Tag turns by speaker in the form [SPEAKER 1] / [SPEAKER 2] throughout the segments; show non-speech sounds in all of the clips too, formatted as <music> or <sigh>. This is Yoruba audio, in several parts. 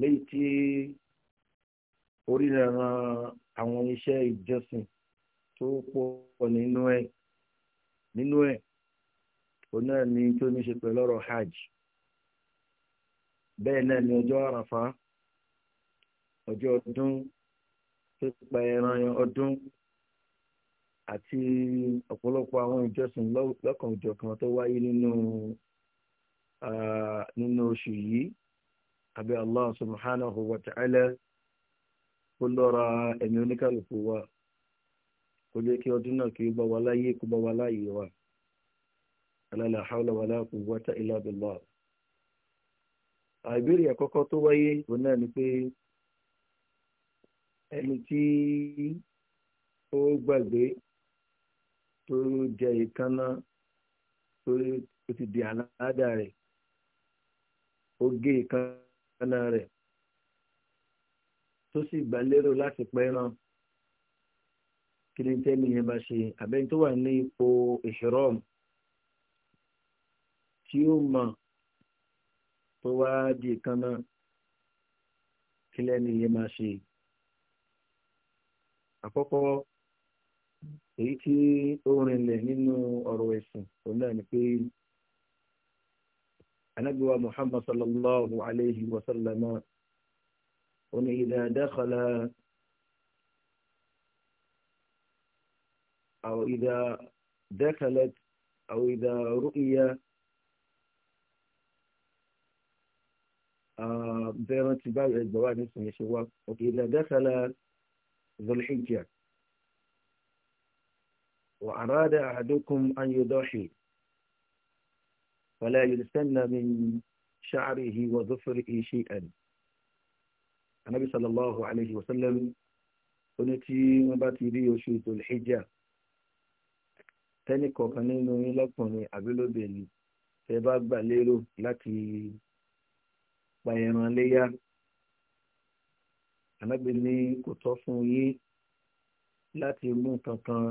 [SPEAKER 1] léyìí tí oríran àwọn iṣẹ́ ìjọsìn tó pọ̀ nínú ẹ̀ nínú ẹ̀ òun náà ni tó ní ṣe pẹ̀lú ọ̀rọ̀ hajj bẹ́ẹ̀ náà ni ọjọ́ àràfá ọjọ́ ọdún pípa ẹran ọdún àti ọ̀pọ̀lọpọ̀ àwọn ìjọsìn lọ́kàn-òjọ̀kan tó wáyé nínú oṣù yìí àbí Allah subhanahu wa ta'ala kó lọ́ra ẹ̀mí oníkàlùkù wa kó jẹ́ kí ọdún náà kí bá wa láyé kó bá wa láyé wa alala hawla wala quwwata illa billah. àìbéèrè àkọ́kọ́ tó wáyé òun náà ni pé ẹni tí ó gbàgbé tó jẹ ìkànnà tó ti di àládà rẹ̀ ó gé ìkànnà ọ̀nà rẹ̀ tó sì gbà lérò láti pẹ́ràn kí ni tẹ́mi yẹn bá ṣe àbẹ́ni tó wà ní ipò ìṣòrọ́ọ̀mù tí ó mọ̀ tó wá di kan náà kí lẹ́ni yẹn máa ṣe. àkọ́kọ́ èyí tí ó rinlẹ̀ nínú ọ̀rọ̀ ẹ̀sìn òun náà ni pé نبوى محمد صلى الله عليه وسلم اذا دخل أو إذا دخلت أو إذا رؤي آه، اذا دخل ذو الحجة وأراد أحدكم أن يضحي ولا يلسن من شعره وظفره شيئا النبي صلى الله عليه وسلم oní tí wọ́n bá ti rí oṣù ìtòlẹ́jà tẹ́nì kọ̀ọ̀kan nínú yín lọ́kùnrin àbílóbìnrin tẹ́ bá gbà lérò láti pa ẹran léyà ànábì ní kò tọ́ fún yín láti mú kankan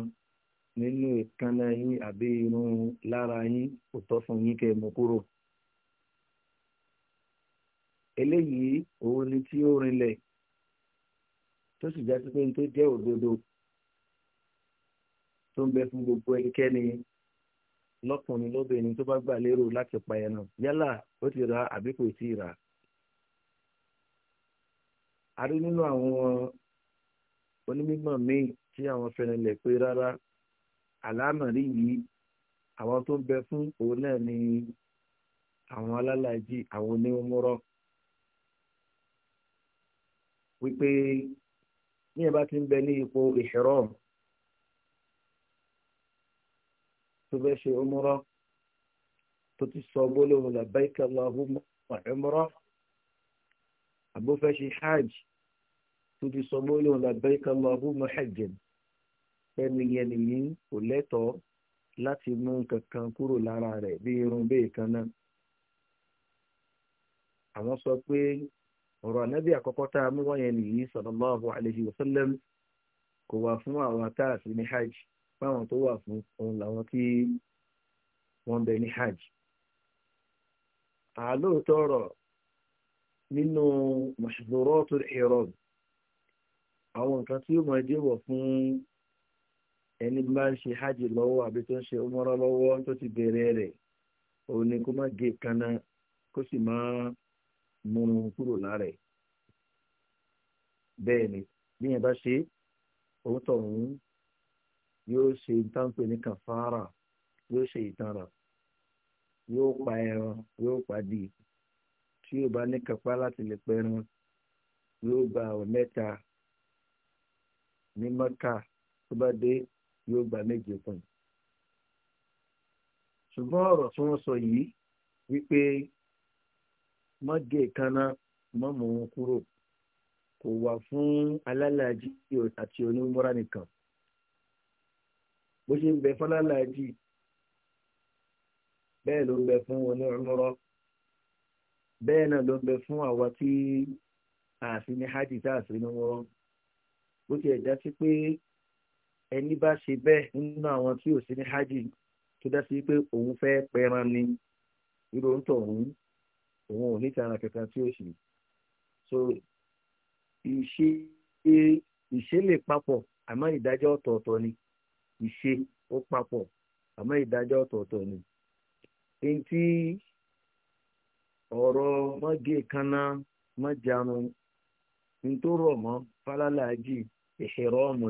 [SPEAKER 1] nínú ìkànnà yín àbí irun lára yín kò tọ́ fún yín kẹ́ ẹ mú kúrò. eléyìí òun ni tí ó rinlẹ̀ tó sì já sí pé tó jẹ́ òdodo tó ń bẹ fún gbogbo ẹnikẹ́ni lọ́kùnrin lóbìnrin tó bá gbà lérò láti pa ẹran yálà ó ti rà àbí kò tí rà. a rí nínú àwọn onímọ̀ míì tí àwọn fẹnilẹ̀ pé rárá àlámọ̀rí yìí àwọn tó ń bẹ fún òun náà ni àwọn alálàájì àwọn onímọ̀rọ̀ wípé ní ẹ bá ti ń bẹ ní ipò ihram tó fẹ́ ṣe umrah tó ti sọ gbólóhùn labbaika Allahumma umrah àbó fẹ́ ṣe hajj tó ti sọ gbólóhùn labbaika Allahumma hajjan ẹni yẹn nìyí kò lẹ́tọ̀ọ́ láti mú nǹkan kan kúrò lára rẹ̀ bí irun bẹ́ẹ̀ kan náà. àwọn sọ pé ọ̀rọ̀ ànábì àkọ́kọ́ tá a mú wáyẹn nìyí sallallahu alayhi wa sallam kò wà fún àwọn tá a sì ní hajj fáwọn tó wà fún òun làwọn tí wọ́n bẹ ní hajj. àlóòótọ́ ọ̀rọ̀ nínú mashhuratu al àwọn nǹkan tí ó máa jẹ́wọ̀ fún ẹni bá ń ṣe hajj lọ́wọ́ àbí tó ń ṣe umrah lọ́wọ́ tó ti bẹ̀rẹ̀ rẹ̀ òun ni kó má gé kaná kó sì má mú un kúrò lára ẹ̀ bẹ́ẹ̀ ni bí yẹn bá ṣe òun tọ̀hún yóò ṣe ìtànpẹ̀ ní kàfàrà yóò ṣe ìtanràn yóò pa ẹran yóò pa di tí yóò bá ní kápá láti lè pẹran yóò gba ọ̀ mẹ́ta ní mọ́kà tó bá dé yóò gba méje fún un. ṣùgbọ́n ọ̀rọ̀ tí wọ́n sọ yìí wípé mọ́gé kaná mọ́ mú un kúrò kò wà fún alálàájì àti onímọ́ra nìkan bó ṣe ń bẹ fún alálàájì bẹ́ẹ̀ ló ń bẹ fún onímọ́rọ́ bẹ́ẹ̀ náà ló ń bẹ fún àwa tí ààfin hajj tá àfin ní wọ́n bó ti ẹ̀ já sí pé ẹni bá ṣe bẹ́ẹ̀ nínú àwọn tí ò sí ní hajj tó dá sí pé òun fẹ́ pẹran ni irú ń tọ̀ òun òun ò ní tara kankan tí ó sì so ìṣe ìṣe lè papọ̀ àmọ́ ìdájọ́ ọ̀tọ̀ọ̀tọ̀ ni ìṣe ó papọ̀ àmọ́ ìdájọ́ ọ̀tọ̀ọ̀tọ̀ ni èyí tí ọ̀rọ̀ mọ́gé kaná mọ́jánu ní tó rọ̀ mọ́ fálálàájì ìṣèrọ̀ ọ̀mù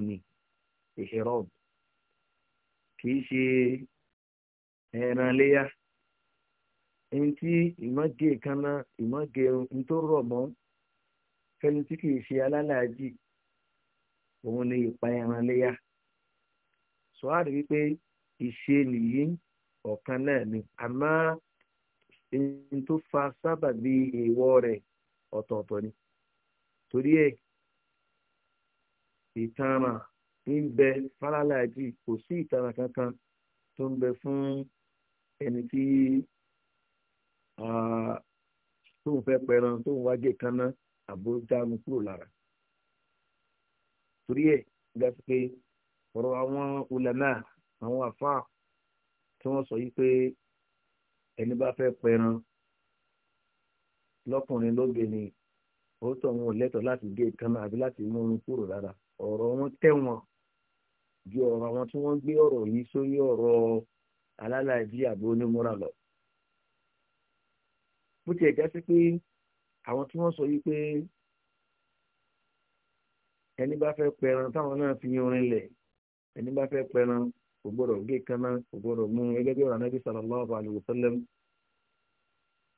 [SPEAKER 1] ìhìrọ́b kìí se ẹran léyà ẹni tí ìmọ̀gé kaná ìmọ̀gé ń tó rọ̀ ipa fẹ́ni tí kìí ṣe alálàájì òun ni ìpa náà ni àmọ́ ẹni tó fa ọ̀tọ̀ọ̀tọ̀ ni torí ìtàn náà. ń bẹ fáráláàjì kò sí ìtara kankan tó ń bẹ fún ẹni tí tóun fẹ́ pẹran tóun wájé kaná àbó dánu kúrò lára torí ẹ̀ gba sí pé ọ̀rọ̀ àwọn ulama àwọn àfáà tí wọ́n sọ yìí pé ẹni bá fẹ́ pẹran lọ́kùnrin lóbìnrin òótọ́ wọn ò lẹ́tọ̀ọ́ láti gé ìkànnà àbí láti mú un kúrò lára ọ̀rọ̀ wọn tẹ̀wọ̀n ju ọ̀rọ̀ àwọn tí wọ́n gbé ọ̀rọ̀ yìí sórí ọ̀rọ̀ alálàájì àbí onímúra lọ. bó tiẹ̀ já sí pé àwọn tí wọ́n sọ yìí pé ẹni bá fẹ́ pẹran táwọn náà fi orin lẹ̀ ẹni bá fẹ́ pẹran kò gbọ́dọ̀ gé kaná kò gbọ́dọ̀ mú gẹ́gẹ́ bí ọ̀rọ̀ anábì sallallahu alaihi wasallam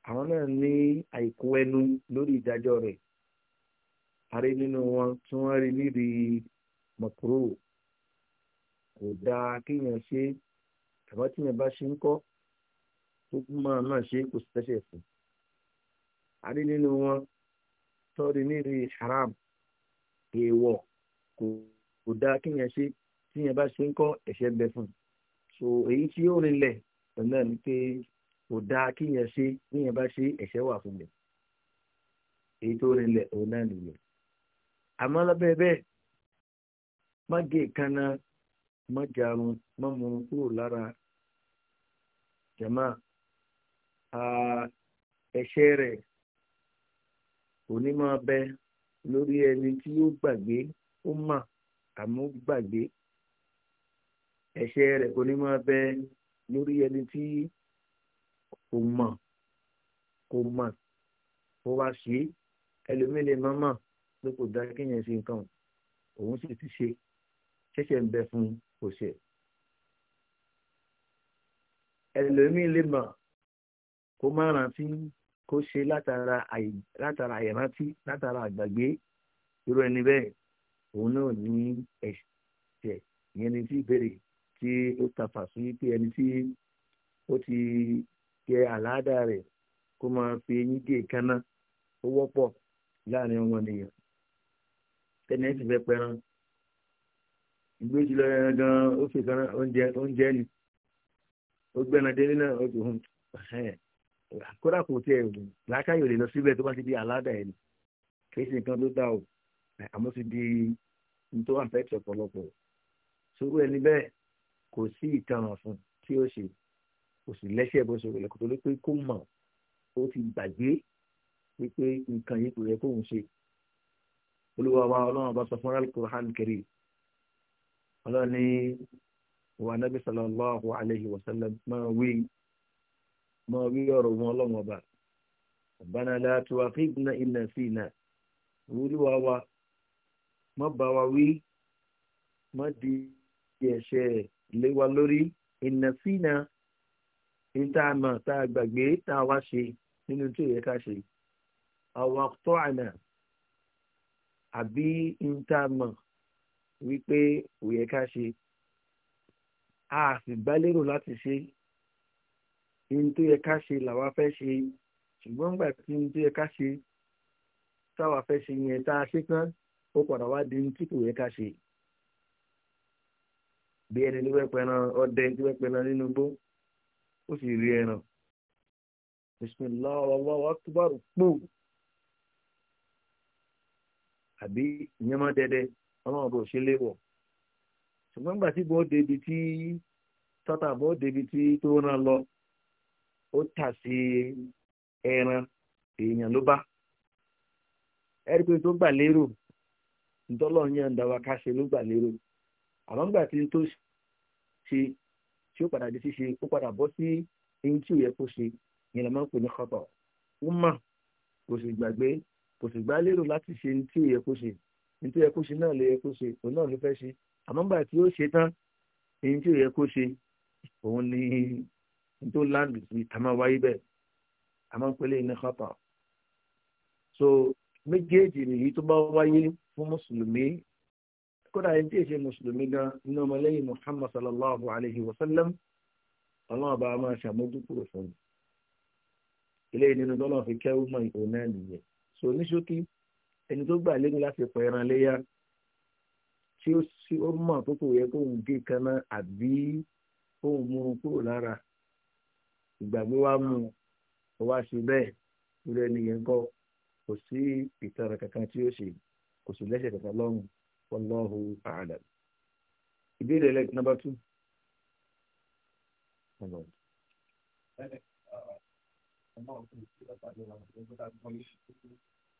[SPEAKER 1] àwọn náà ní àìkú ẹnu lórí ìdájọ́ rẹ̀ àrí nínú wọn tí wọ́n rí nídìí mọ̀kúrò kò dáa kéèyàn ṣe àmọ́ tí yẹn bá ṣe ń kọ́ tó kú máa máa ṣe kò sì tẹ́sẹ̀ fún. adé nínú wọn tọ́ni níbi haram èèwọ̀ kò kò dáa kéèyàn ṣe tí yẹn bá ṣe ń kọ́ ẹ̀ṣẹ̀ bẹ fún un. so èyí tí ó rinlẹ̀ ọ̀nà ni pé kò dáa kéèyàn ṣe tí yẹn bá ṣe ẹ̀ṣẹ̀ wà fún mi. èyí tó rinlẹ̀ ọ̀nà nìyẹn. àmọ́ lábẹ́ bẹ́ẹ̀ gé ìkànnà má jarun má murun kúrò lára jama ẹ̀ṣẹ̀ rẹ̀ kò ní máa bẹ lórí ẹni tí yóò gbàgbé ó mà àmọ́ gbàgbé ẹ̀ṣẹ̀ rẹ̀ kò ní máa bẹ lórí ẹni tí kò mọ̀ kò mọ̀ kó wá ṣe ẹlòmílẹ̀ mọ́mọ́ ló kò dá kéèyàn ṣe nǹkan òun sì ti ṣe ṣẹ̀ṣẹ̀ ń bẹ fún un kò ṣe ẹlòmíín lè mọ̀ kó má rántí kó ṣe látara àyẹ̀rántí látara àgbàgbé irú ẹni bẹ́ẹ̀ òun náà ní ẹ̀ṣẹ̀ ìyẹn ni tí ìbéèrè tí ó tafà sí pé ẹni tí ó ti jẹ àláàdà kó máa fi eyín ó wọ́pọ̀ láàrin ọmọ nìyẹn ìgbéjì lọ yẹn gan ó fi kan oúnjẹ oúnjẹ ni ó gbẹ́nà délé náà ó ti hùn kódà kò tiẹ̀ làákàyè ò lè lọ síbẹ̀ tó bá ti di aláda ẹ̀ ni kì í ṣe nǹkan tó dá o àmọ́ ti di nítorí àfẹ́tì ọ̀pọ̀lọpọ̀ sórí ẹni bẹ́ẹ̀ kò sí ìtanràn fún tí ó ṣe kò sì lẹ́sẹ̀ bó ṣe rẹ̀ kò tó lé pé kó mọ̀ ó ti gbàgbé wípé nǹkan yìí kò yẹ kóun ṣe olúwa wa ọlọ́run bá sọ fún alukur'an kiri ọlọ́run ní ìwà nábì sallallahu alayhi wa sallam máa wí máa wí ọ̀rọ̀ wọn ọlọ́run ọba ọ̀bánà láti wá fíìbùnà ìnà sí ìnà olúwa wa má bá wa wí má di ẹ̀ṣẹ̀ lé wa lórí ìnà sí níta àmọ̀ tá a gbàgbé tá a wá ṣe nínú tí ò yẹ ká ṣe àwọn àtọ́ àná àbí níta àmọ̀ wípé kò yẹ ká ṣe a sì gbá lérò láti ṣe ohun tó yẹ ká ṣe làwa fẹ́ ṣe ṣùgbọ́n nígbà tí ohun tó yẹ ká ṣe táwa fẹ́ ṣe yẹn tá a ṣe tán ó padà wá di ohun tí kò yẹ ká ṣe bí ẹni tó fẹ́ pẹran ọdẹ tó fẹ́ pẹran nínú igbó ó sì rí ẹran bisimilahi Allahu akbar pò àbí ìyẹn ọlọ́run bò ṣe léwọ̀ ṣùgbọ́n nígbà tí bó débi tí tọ́tà bó débi tí tó ràn lọ ó tà sí ẹran èèyàn ló bá ẹ̀rí pé tó gbà lérò ntọ́lọ́run yẹn ń dáwà ká ṣe ló gbà lérò àmọ́ nígbà tí tó ṣe tí ó padà di ṣíṣe ó padà bọ́ sí eyín tí ò yẹ kó ṣe yẹn lọ́mọ́ pè ní kọ́tọ̀ ó mà kò sì gbàgbé kò sì gbá lérò láti ṣe ní tí ò yẹ kó ṣe nítorí ẹ kó ṣe náà ló yẹ kó ṣe òun náà ló fẹ́ ṣe àmọ́ gbà tí ó ṣe tán èyí tí ó yẹ kó ṣe òun ni tó láǹdì sí àmọ́ bẹ́ẹ̀ àmọ́ pẹ́lẹ́ iná kápá so méjèèjì nìyí tó bá wáyé fún mùsùlùmí kódà ẹni tí èṣe mùsùlùmí gan ní ọmọlẹ́yìn muhammad sallallahu alayhi wa sallam ọlọ́run bá máa ṣàmójúkúrò fún mi ilé nínú tọ́lọ́ fi kẹ́rù mọ́ ìhòòhò náà nìyẹn so ní ṣókí ẹni tó gbà lẹ́nu láti pọ̀ ẹran léyà tí ó sí ó mọ̀ tó kò yẹ kó ń gé kaná àbí kó ń mú un kúrò lára ìgbàgbé wa mú un wá sí bẹ́ẹ̀ irú ẹni yẹn kọ́ kò sí ìtara kankan tí ó ṣe kò sí lẹ́sẹ̀ kankan lọ́rùn ìbéèrè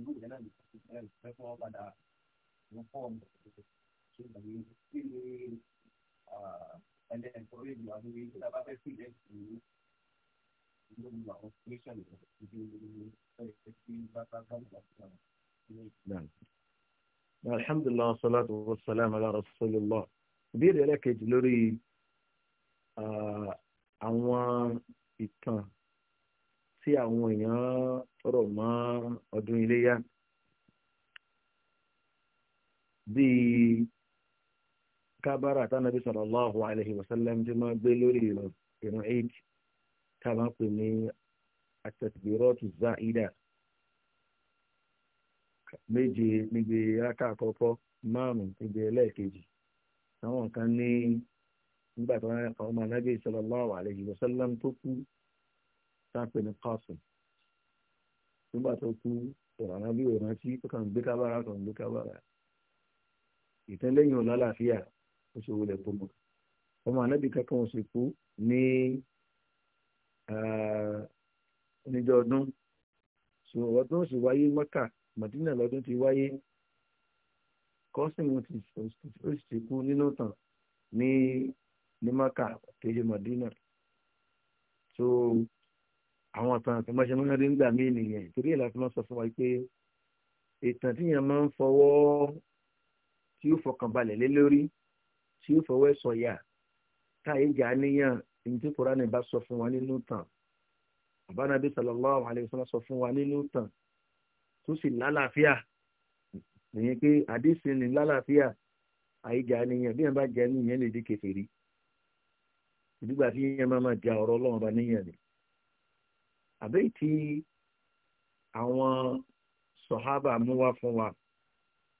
[SPEAKER 1] ìlú ìyẹn náà nìkan fẹ́ fún wọn padà ló fọ́ọ̀mù ṣe ìgbàgbé kí ni ẹ̀ẹ́dẹ̀ ẹ̀kọ́rẹ́ ìlú àwọn ìlú tá bá fẹ́ sí ilẹ̀ ìlú ìlú ìlú àwọn fúlẹ́ṣọ̀n ìlú ìlú ẹ̀ẹ́dẹ̀ tí bá bá bá wà fún wọn. Alhamdulillah wassalatu wassalamu ala rasulillah. Ìbéèrè ẹlẹ́kejì lórí ah, àwọn ìtàn tí àwọn èèyàn rọ̀ mọ́ ọdún iléyà bíi kábàrà tánàbí sallallahu alaihi wasallam tí máa gbé lórí ìrun eid tá a máa pè ní àtẹ̀síbírọ́ọ̀tù záìdà méje níbi rákà àkọ́kọ́ márùn níbi ẹlẹ́ẹ̀kejì àwọn kan ní nígbà tí wọ́n máa nábì sallallahu alaihi wasallam tó kú sáńpẹ̀ ní kọ́sùn nígbà tó kú ìrànà bí òràn tí ó kàn gbé kábàrà kàn gbé kábàrà ìtẹ́lẹ́yìn ọ̀la àlàáfíà ó ṣe wọlé gbọmọ ọmọ anábì kankan ò sì kú ní oníjọ ọdún ṣùgbọ́n ọdún sì wáyé mọ́kà mọ̀dínà lọ́dún ti wáyé kọ́sìmù ti ó sì kú nínú tàn ní ní mọ́kà kejì mọ̀dínà. So, àwọn ìtàn àti mọ́ṣẹ́ mọ́ṣẹ́ rí ń gbà mí nìyẹn torí ẹ̀ láti máa sọ fún wa pé ìtàn tíyẹn máa ń fọwọ́ tí ó fọkànbalẹ̀ lé lórí tí ó fọwọ́ sọ̀yà táyé jà níyàn ní tí kúránì bá sọ fún wa nínú tàn àbánábí sallallahu alaihi wasallam sọ fún wa nínú tàn tó sì lálàáfíà nìyẹn pé àdéhùn ní lálàáfíà àìjà níyàn bí wọn bá jẹ níyàn lè di kèfèrí ìdúgbà tí yẹn máa máa ja ọ̀rọ̀ Ọlọ́run àbẹ́yì tí àwọn sọ̀hábà mú wá fún wa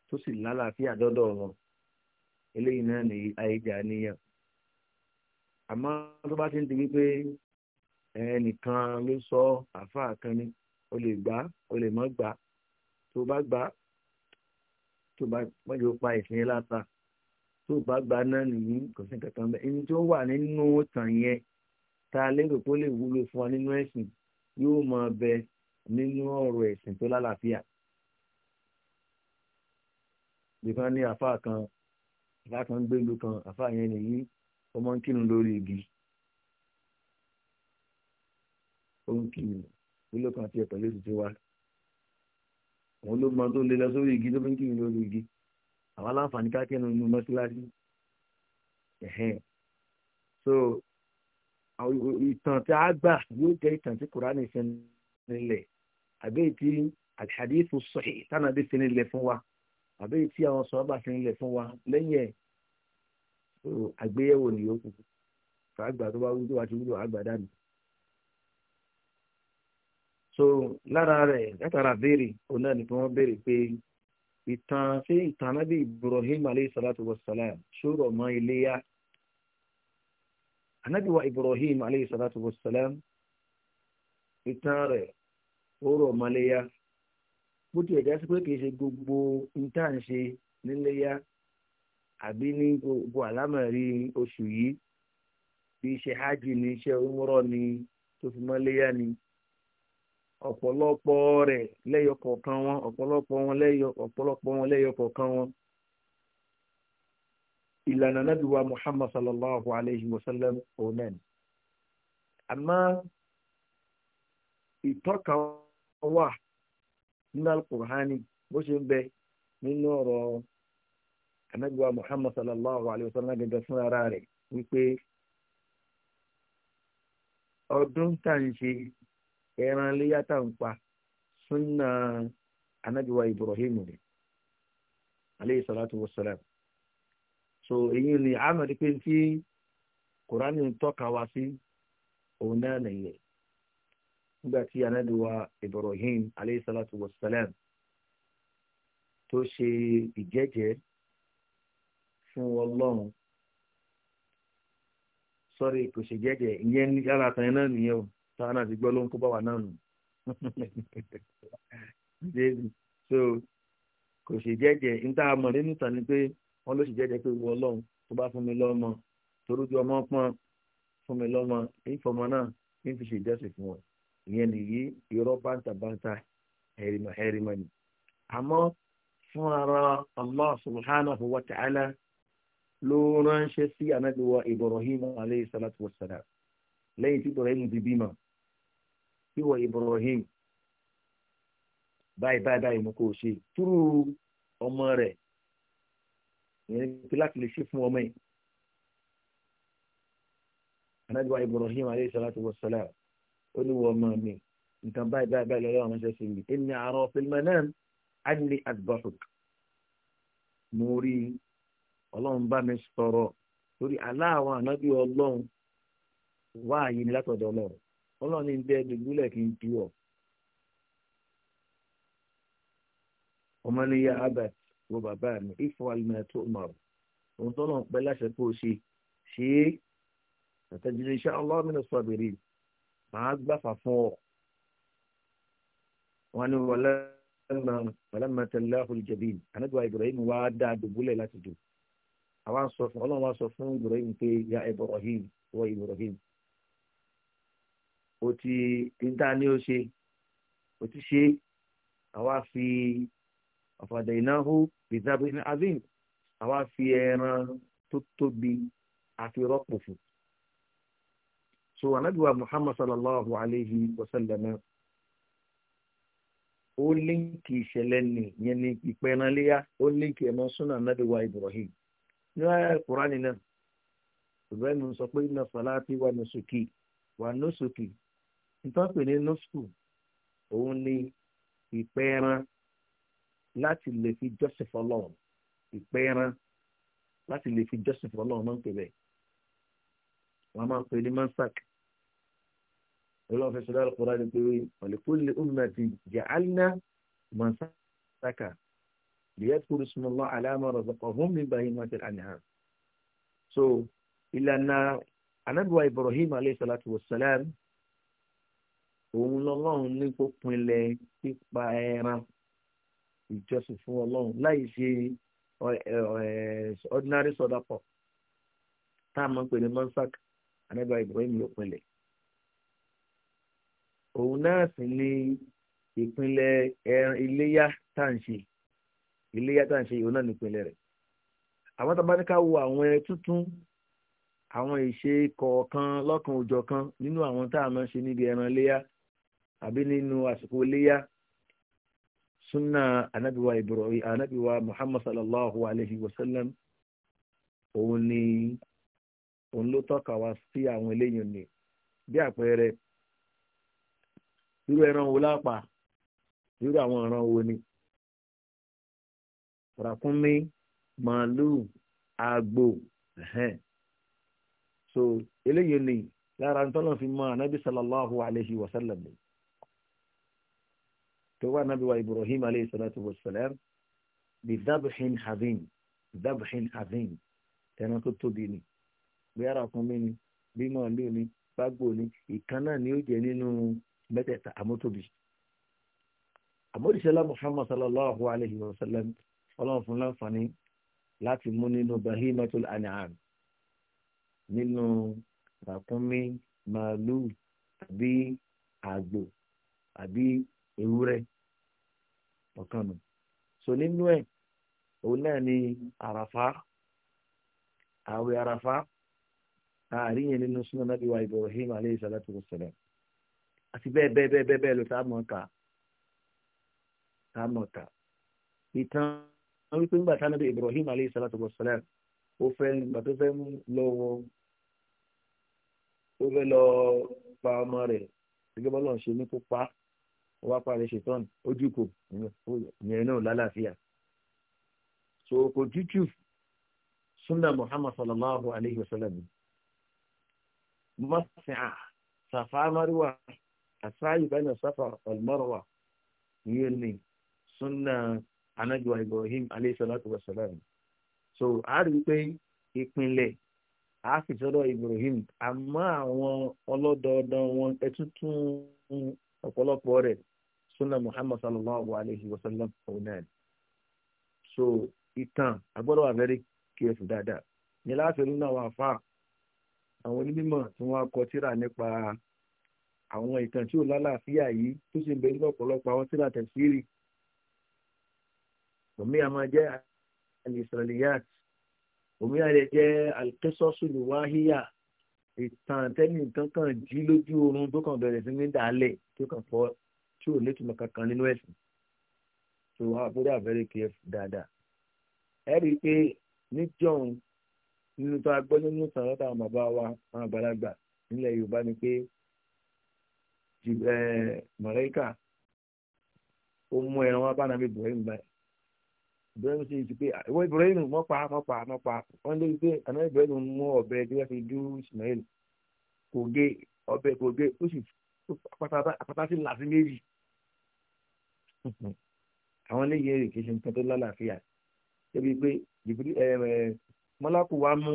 [SPEAKER 1] tó sì lálàáfíà dọ́dọ̀ wọn eléyìí náà ní ayéjà níyà àmọ́ tó bá ti ń di wípé ẹnìkan ló sọ àáfàá kan ní o lè gbà o lè má gbà tó bá gbà tó bá wọ́n yóò pa ìsìn láta tó bá gbà náà nìyí kò sí kankan bẹ́ẹ̀ ẹni tó wà nínú ìtàn yẹn tá lérò pé ó lè wúlò fún wa nínú ẹ̀sìn yóò máa bẹ nínú ọ̀rọ̀ ẹ̀sìn tó lálàáfíà bíkan ní àfáà kan àfáà kan gbélu kan àfáà yẹn nìyí ọmọ ń kírun lórí igi ó ń kírun nílò kan tiẹ̀ pẹ̀lú ètùtù wa òun ló mọ tó lé lọ sórí igi tó fi ń kírun lórí igi àwọn aláǹfààní ká kírun nínú mọ́ṣáláṣí so ìtàn tí a gbà yóò jẹ́ ìtàn tí kùránì ṣe nílẹ̀ àbẹ́yìí tí àdìsù sọ̀hì tánàbí ṣe nílẹ̀ fún wa àbẹ́yìí tí àwọn sọ̀rọ̀bà ṣe nílẹ̀ fún wa lẹ́yìn ẹ̀ àgbéyẹ̀wò ni yòókù àgbà tó bá wúlò àti wúlò àgbà dànù. so lára rẹ̀ látara béèrè òun náà nìkan wọ́n béèrè pé ìtàn ṣé ìtàn nábì Ibrahim aleyhi salatu wa salam ṣòro ọmọ iléyà anabi wa ibrahim aleyhi salatu wa salam ìtàn rẹ̀ ó rọ̀ mọ́léyà bó ti ẹ̀dá sí pé kì í ṣe gbogbo ìtànṣe níléyà àbí ní gbogbo àlámọ̀rí oṣù yìí bí iṣẹ́ hajj ni iṣẹ́ umrọ̀ ni tó fi mọ́léyà ni ọ̀pọ̀lọpọ̀ rẹ̀ lẹ́yọ wọn ọ̀pọ̀lọpọ̀ wọn lẹ́yọ wọn ìlànà nàbí wa muhammad sallallahu alayhi wa sallam omen àmọ́ ìtọ́ka wà nínú alukur'ani bó ṣe ń bẹ nínú ọ̀rọ̀ ànábì wa muhammad sallallahu alayhi wa sallam gẹ́gẹ́ fún ara rẹ̀ wípé ọdún tá à ń ṣe ẹran iléyà tá ń pa súnà ànábì ibrahim rẹ̀ aleyhi salatu wa salam so èyí ni àmọ́ rí pé tí kùránì ń tọ́ka wá sí òun náà nìyẹn nígbà tí anáduwa Ibrahim alayhi salatu wa salam tó ṣe ìjẹ́jẹ́ fún ọlọ́run sọ́rí kò ṣe jẹ́jẹ́ ìyẹn ní yàrá àtàyẹn náà nìyẹn o táwọn náà gbọ́ ló ń kó bá wa náà nù <laughs> so kò ṣe jẹ́jẹ́ níta mọ̀ nínú ìtàn ni pé wọn ló sì jẹ́jẹ́ pé wọ ọlọ́run tó bá fún mi lọ́mọ torójú ọmọ pọ́n fún mi lọ́mọ ìfọmọ náà ní fi ṣe ìjọsìn fún wọn ìyẹn nìyí irọ́ bántabánta hẹrìmọ̀ hẹrìmọ̀ ni. àmọ́ fún ara allah subhanahu wa ta'ala ló ránṣẹ́ sí anabiwa ibrahim aleyhi salatu wa salam lẹ́yìn tí ibrahim ti bímọ ìwọ ibrahim báyìí báyìí báyìí mo kò ṣe túrú ọmọ rẹ̀ ìyẹn pé láti lè ṣe fún ọmọ yìí anábíwá Ibrahim alayhi salatu wa salam ó ní wọ ọmọ mi nǹkan báyìí báyìí báyìí lọ́wọ́ àwọn ṣẹ́ṣẹ́ mi inni ara fil manam anni adbahuk mo rí ọlọ́run bá mi sọ̀rọ̀ lórí aláwọn anábí ọlọ́run wá àyè ní látọ̀dọ̀ ọlọ́run ọlọ́run ní bẹ́ẹ̀ dùgbúlẹ̀ kí n tú ọ ọmọ ní ya abẹ́ẹ̀ wo bàbá mi ifọ̀ alimẹ̀ tó mọ̀ ohun tó lọ́n pẹ́ láṣẹ kó o ṣe ṣe é àtẹ̀jíṣẹ́ iṣẹ́ ọlọ́mìnà sọ̀bìrì màá gbàfà fún ọ. wọn ní wọlé wàlámà tẹlẹ àfọlùjẹbí anágbà Ibrahim wá dá dùbúlẹ̀ láti dùn àwa sọ fún ọlọ́run wá sọ fún Ibrahim pé ya Ibrahim wọ Ibrahim o ti níta ni o ṣe o ti ṣe àwa fi ọ̀fọ̀dẹ̀yìnáhù bìtàbí ní azim àwa fi ẹran tó tóbi àfi rọ́pò fún. so anabiwa muhammad sallallahu alayhi wa sallam ó líǹkì ìṣẹ̀lẹ̀ nì yẹn ní ìpẹ́ranléyà ó líǹkì ẹ̀mọ́ súnà anabiwa ibrahim ní ayé kúránì náà ìbẹ́nu sọ pé iná salati wà nusuki wà nusuki nítorí pé ní nusku òun ni ìpẹ́ran láti lè fi joseph ọlọ́run ìpẹran láti lè fi joseph ọlọ́run máa ń pè bẹ́ẹ̀ wọ́n máa ń pè ní mansak olóòfin sọdọ́ àlùkòrá ni pé ọ̀lẹ́kùnlé ummati ja'alna mansaka liyadkuru ismallahi ala ma razaqahum min bahimatil an'am so ìlànà anábìwá ibrahim alayhi salatu wa salam òun lọ́lọ́run ní kó pinlẹ̀ pípa ẹran ìjọsìn fún ọlọ́run láì ṣe eh, ordinary sọdọpọ̀ tá a máa ń pè ní monsac anábìá ibrahim ló pinlẹ̀ òun náà sì ni ìpínlẹ̀ ẹran iléyà tá à ń ṣe iléyà tá à ń ṣe òun náà ní ìpínlẹ̀ rẹ̀ àwọn tó wo àwọn ẹ tuntun àwọn ìṣe kọ̀ọ̀kan lọ́kan òjọ̀kan nínú àwọn tá a máa ń ṣe níbi ẹran iléyà àbí nínú àsìkò iléyà súnà anábìwá ibrahim anábìwá muhammad sallallahu alayhi wa sallam òun ni òun ló tọ́ka wá sí àwọn eléyìí ni bí àpẹẹrẹ irú ẹran wo lápá irú àwọn ẹran wo ni ràkúnmí màálùú àgbò so eléyìí ni lára ń tọ́lọ́ fi mọ anábì sallallahu alayhi wa ni tó wà nábì wa Ibrahim alayhi salatu wa salam bi dabhin hazin dabhin hazin tẹran tó tóbi ni bí ara kan mi ni bí màálù ni bágbó ni ìkan náà ni ó jẹ nínú mẹ́tẹ̀ẹ̀ta àmótóbi àmóríṣẹ́lá Muhammad sallallahu alayhi wa sallam ọlọ́run fún láǹfààní láti mú nínú bahimatul an'am nínú ràkúnmí màálù àbí àgbò àbí ewúrẹ́ ọ̀kan nù so nínú ẹ̀ òun náà ni àràfá àwẹ̀ àràfá àárín yẹn nínú súnà nàbí wa Ibrahim aleyhi salatu wa salam àti bẹ́ẹ̀ bẹ́ẹ̀ bẹ́ẹ̀ bẹ́ẹ̀ bẹ́ẹ̀ lọ sáà mọ̀ ká sáà mọ̀ ká ìtàn wípé ńgbà tá nàbí Ibrahim aleyhi salatu wa salam ó fẹ́ ìgbà tó fẹ́ lọ́wọ́ ó fẹ́ lọ pa ọmọ rẹ̀ gẹ́gẹ́ bọ́lá ṣe ní kó ó wá parí ṣètọ́nù ojú kò ìyẹn náà lálàáfíà so kò jújù sunnah muhammad sallallahu alayhi wa sallam mọ́sàn-án sàfà márùwà àsáyù bẹ́ẹ̀ sàfà ọ̀lmọ́rọ̀wà ìyẹn ni sunnah anájọ́ ibrahim alayhi salatu wa sallam so a rí pé ìpínlẹ̀ àfìsọ́dọ̀ ibrahim àmọ́ àwọn ọlọ́dọọdọ wọn ẹtútù ọ̀pọ̀lọpọ̀ rẹ̀ sunna muhammad sallallahu alayhi wa sallam òun náà ni so ìtàn agbọ́dọ̀ wà very careful dáadáa ní láti nínú àwọn àfa àwọn onímọ̀ tí wọ́n kọ tíra nípa àwọn ìtàn tí ò lálàáfíà yìí tó sì ń bẹ nínú ọ̀pọ̀lọpọ̀ àwọn tíra tẹ̀síìrì omi àmọ́ jẹ́ al-israeliyat omi àlẹ́ jẹ́ al-qisasu al-wahiya ìtàn tẹ́lẹ̀ nǹkan kan jí lójú oorun tó kàn bẹ̀rẹ̀ sí ní dàálẹ̀ tó kàn fọ́ tí ò nítumọ̀ kankan nínú ẹ̀sìn so àbúrò àfẹ́rẹ́ kf dáadáa ẹ rí i pé John, nínú tó a gbọ́ nínú ìtàn lọ́tà àwọn bàbá wa àwọn àgbàlagbà nílẹ̀ yorùbá ni pé mọ̀lẹ́kà ó mú ẹran wá bánà bí ibrahim báyìí ibrahim sì ti pé ìwọ ibrahim mọ́ pa mọ́ pa mọ́ pa wọ́n lé pé àná ibrahim mú ọ̀bẹ tí wọ́n fi dú ismail kò gé ọ̀bẹ kò gé ó sì apáta sí làásì méjì. Hm. àwọn eléyìí èrè kìí ṣe nǹkan tó lálàáfíà débi pé jìbìrì ẹ eh, ẹ eh, mọ́lákù wa mú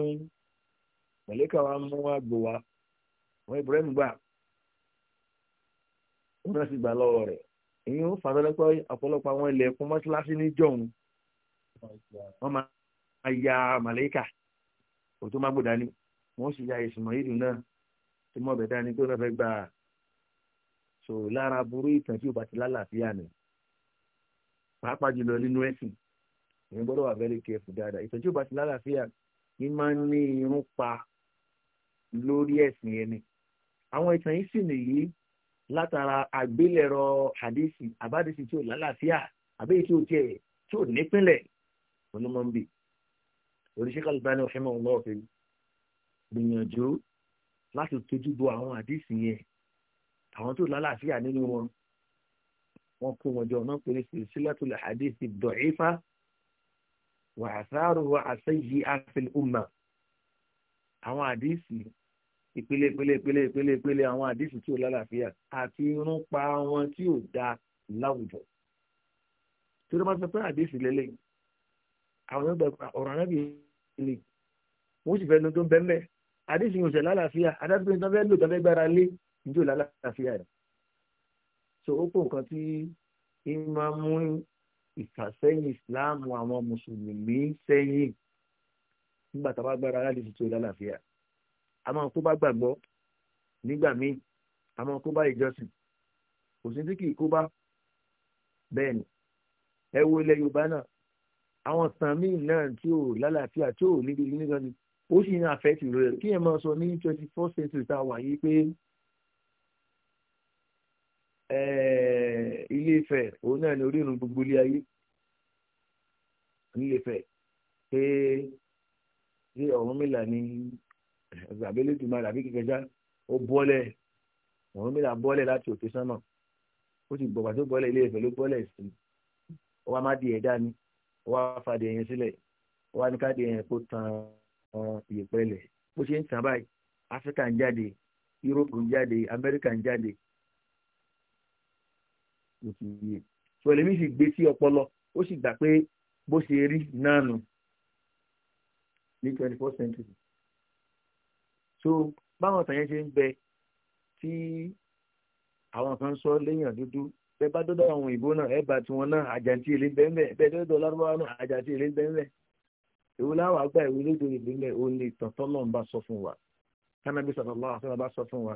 [SPEAKER 1] mọ̀lẹ́kà wa mú àgbò wa wọ́n Ibrahim gbà wọ́n náà sì gbà lọ́wọ́ rẹ̀ èyí ó fà lọ́lọ́pọ̀ ọ̀pọ̀lọpọ̀ àwọn ilẹ̀kùn mọ́ṣáláṣí ní jọ̀hún wọ́n máa ya mọ̀lẹ́kà kò tó má gbòdá ni wọ́n sì ya Ismail náà tí mọ̀ bẹ̀ dání tó náà fẹ́ gbà so lára burú ìtàn tí ò bá ti lálàáfíà nìyí pàápàá jùlọ nínú ẹ̀sìn èyí gbọ́dọ̀ wà very careful dáadáa ìtọ́jú bá ti lálàáfíà ní máa ń ní irun pa lórí ẹ̀sìn ẹni àwọn ìtàn yìí sì nìyí látara àgbélẹ̀rọ hadisi àbádìsí tí ò lálàáfíà àbẹ́yẹ tí ò tiẹ̀ tí ò nípínlẹ̀ olómọ́nbì oríṣiríṣi alùpàdé ọ̀fẹ́mọ̀ ọlọ́ọ̀fẹ́ gbìyànjú láti tójú bo àwọn hadisi yẹn àwọn tó lálàáfíà nínú wọn wọ́n kó wọn jọ náà pèrè silsilatul hadisi da'ifa wa atharuha sayyi'a fil umma àwọn àdìsí ìpele ìpele ìpele ìpele ìpele àwọn àdìsí tí ò lálàáfíà àti irun pa wọn tí ò da láwùjọ tí wọ́n bá sọ pé àdìsí lélẹ̀ àwọn ọgbà ọ̀rọ̀ anábì ni wọ́n sì fẹ́ nu tó ń bẹ́ẹ̀ mẹ́ àdìsí yòó lálàáfíà adájọ́ pé nítorí fẹ́ lò tó fẹ́ gbára lé nítorí lálàáfíà rẹ̀ so ó kó nǹkan tí ìmọ̀ mú ìfàsẹ́yìn ìsìláàmù àwọn mùsùlùmí sẹ́yìn nígbà tá a bá gbára láti fi tó lálàáfíà àmọ́ kó bá gbàgbọ́ nígbà míì àmọ́ kó bá ìjọsìn kò sí tí kì í kó bá bẹ́ẹ̀ ni ẹ wo ilẹ̀ yorùbá náà àwọn tàn náà tí ò lálàáfíà tí ò níbi nígbà ni ó sì ń àfẹ́ tìrò rẹ̀ kí ẹ máa sọ ní twenty four century tá a wà yìí pé Eh, ilé Ifẹ̀ òun náà ni orírun gbogbo ilé ayé ilé Ifẹ̀ pé ṣé Ọ̀rúnmìlà ni àbẹ́lẹ́tù máa dàbí kíkẹjá ó bọ́lẹ̀ Ọ̀rúnmìlà bọ́lẹ̀ láti òkè sánmà ó sì gbọ̀gbà tó bọ́lẹ̀ ilé Ifẹ̀ ló bọ́lẹ̀ sí ó wá má di ẹ̀dá ni ó wá fàdé ẹ̀yẹn sílẹ̀ ó wá ní káàdì ẹ̀yẹn kó tan ìyẹ̀pẹ̀ lẹ̀ bó ṣe ń tàn báyìí Áfíríkà ń jáde Yúróòpù ń jáde Amẹ́ríkà ń jáde ló ti so sì gbé sí ọpọlọ ó sì gbà pé bó ṣe rí náà nù ní twenty four century so báwọn ọ̀tàn yẹn ṣe ń bẹ tí àwọn kan sọ léèyàn dúdú bẹ́ẹ̀ bá dọ́dọ̀ àwọn òyìnbó náà ẹ bá tiwọn náà àjàntí èlé bẹ́ẹ̀ bẹ́ẹ̀ dọ́dọ̀ lárúbáwá náà àjàntí èlé bẹ́ẹ̀ èwo láwọn àgbà ìwé lóde ìpínlẹ̀ òní tọ̀tọ́lọ́n bá sọ fún wa kánábí sọ̀rọ̀ lọ́wọ́ àfẹ́rẹ́ bá sọ fún wa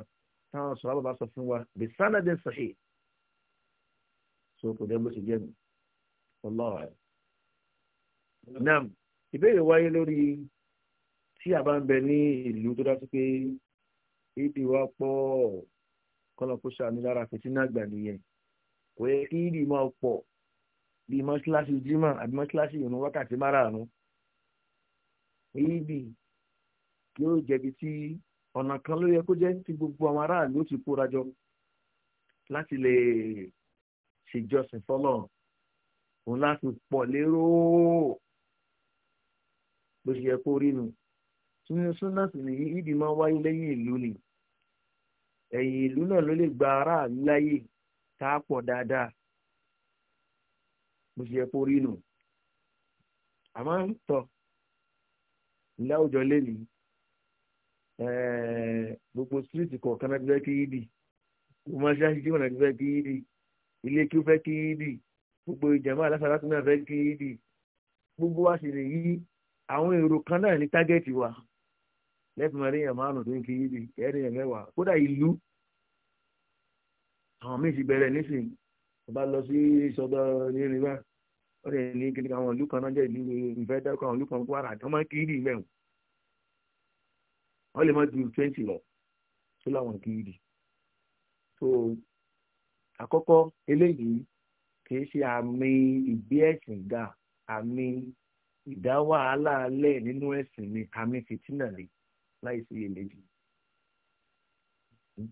[SPEAKER 1] táwọn sọ̀rọ̀ bá sọ so kò dẹ́ bó ṣe jẹ́ mi ọlọ́run ẹ̀. nam ìbéèrè wáyé lórí tí a bá ń bẹ ní ìlú tó dájú pé ìdí wa pọ̀ kọ́lọ́kóṣà ní lára fìtínà àgbà nìyẹn kò yẹ kí ìdí máa pọ̀ bíi mọ́ṣíláṣí jímọ̀ àbí mọ́ṣíláṣí ìrun wákàtí márààrún ìdí yóò jẹ̀bi tí ọ̀nà kan ló yẹ kó jẹ́ tí gbogbo àwọn aráàlú ti kóra jọ láti lè ṣèjọsìn fọlọ́run òun láti pọ̀ lérò bó ṣe yẹ kó rí nu nínú súnà sì nìyí ìdí máa wáyé lẹ́yìn ìlú ni ẹ̀yìn ìlú náà ló lè gba aráàlú láyè tá a pọ̀ dáadáa bó ṣe yẹ kó rí nu àmọ́ ń tọ̀ ilé àwùjọ lẹ́nu eh, gbogbo stíríìtì kọ̀ọ̀kan náà ti fẹ́ kí yídì gbogbo mọ́ṣáláṣí tí wọ́n náà ti fẹ́ kí yídì ilé kí ó fẹ́ kí yídì gbogbo ìjàmbá aláṣàlá tó náà fẹ́ kí yídì gbogbo wa sì lè yí àwọn èrò kan náà ní tágẹ́ẹ̀tì wa lẹ́fún ẹ̀rí èèyàn márùn tó ń kí yídì ẹ̀rí èèyàn mẹ́wàá kódà ìlú àwọn míì ti bẹ̀rẹ̀ nísìnyí ọba lọ sí ìsọdọ̀ ní rìbá ó lè ní kí àwọn ìlú kan náà jẹ́ ìlú ìfẹ́ dẹ́kun àwọn ìlú kan Kwara tó máa kí yídì mẹ́wọ̀n wọ́n lè má ju twenty lọ tó láwọn kí yídì so àkọ́kọ́ eléyìí kìí ṣe àmì ìgbé ẹ̀sìn ga àmì ìdá wàhálà alẹ́ nínú ẹ̀sìn ni àmì fìtínà lè láì sí èléjì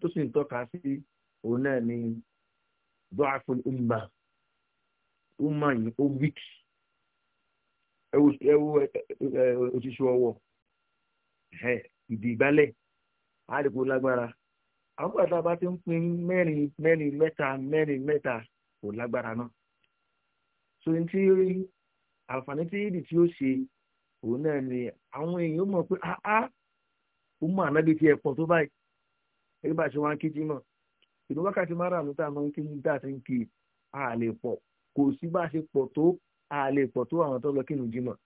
[SPEAKER 1] tó sì ń tọ́ka sí òun náà ni yìí ó wíkì òṣìṣẹ́ ọwọ́ àwọn gbàdá bá ti ń pín mẹ́rin mẹ́rin mẹ́ta mẹ́rin mẹ́ta kò lágbára náà so n tí rí àǹfààní tí ìdí tí ó ṣe òun náà ni àwọn èèyàn mọ̀ pé áá ó mọ ànábi ti ẹ̀pọ̀ tó báyìí ẹgbẹ́ bá ṣe wá ń ìlú wákàtí márùn-ún tá a máa ń kí dá sí ń kí a lè pọ̀ kò sí bá ṣe pọ̀ tó a lè pọ̀ tó àwọn tó lọ kí nu jímọ̀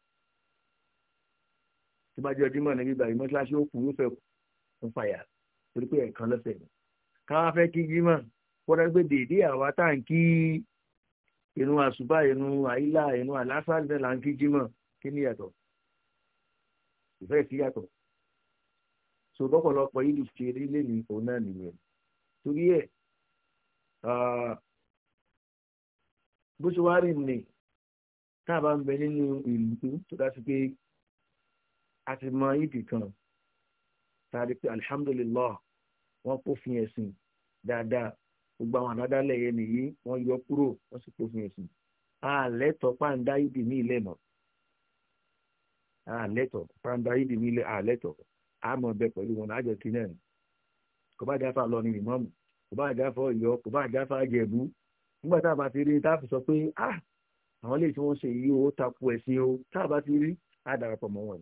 [SPEAKER 1] tí bá jẹ́ jímọ̀ níbi ìgbà yìí mọ́ṣáláṣí ó kù yóò fẹ́ kún fàyà torí pé ẹ̀kan lọ́sẹ̀ ni káwá fẹ́ kí jímọ̀ kọ́dá gbé dèédé àwa tá à ń kí inú àṣùbà inú àyílà inú àlásàlì náà là ń kí jímọ̀ kí ni yàtọ̀ ìfẹ́ sí yàtọ̀ so bọ́pọ̀lọpọ̀ yìí ṣe rí lẹ́nu ipò náà nìyẹn torí ẹ̀ bó ṣe wá rìn ní tá a bá ń bẹ nínú ìlú tó dá sí pé a ti mọ ìdì kan tá pé alihamudulilayi wọ́n pófin ẹ̀sìn dáadáa gbogbo àwọn àdádálẹ̀ yẹn nìyí wọ́n yọ kúrò wọ́n sì pófin ẹ̀sìn àlẹ́tọ̀ pàǹdá ìdì ní ilẹ̀ mọ̀ àlẹ́tọ̀ pàǹdá ìdì ní ilẹ̀ àlẹ́tọ̀ àmọ̀ bẹ pẹ̀lú wọn àjọ kí náà kò bá jáfa lọ ní ìmọ̀mù kò bá jáfa ọ̀yọ́ kò bá jáfa jẹ̀bú nígbà tá a bá ti rí tá a fi sọ pé ah àwọn ilé tí wọ́n ṣe yìí ó takò ẹ̀sìn o tá a bá ti rí á darapọ̀ mọ́ wọn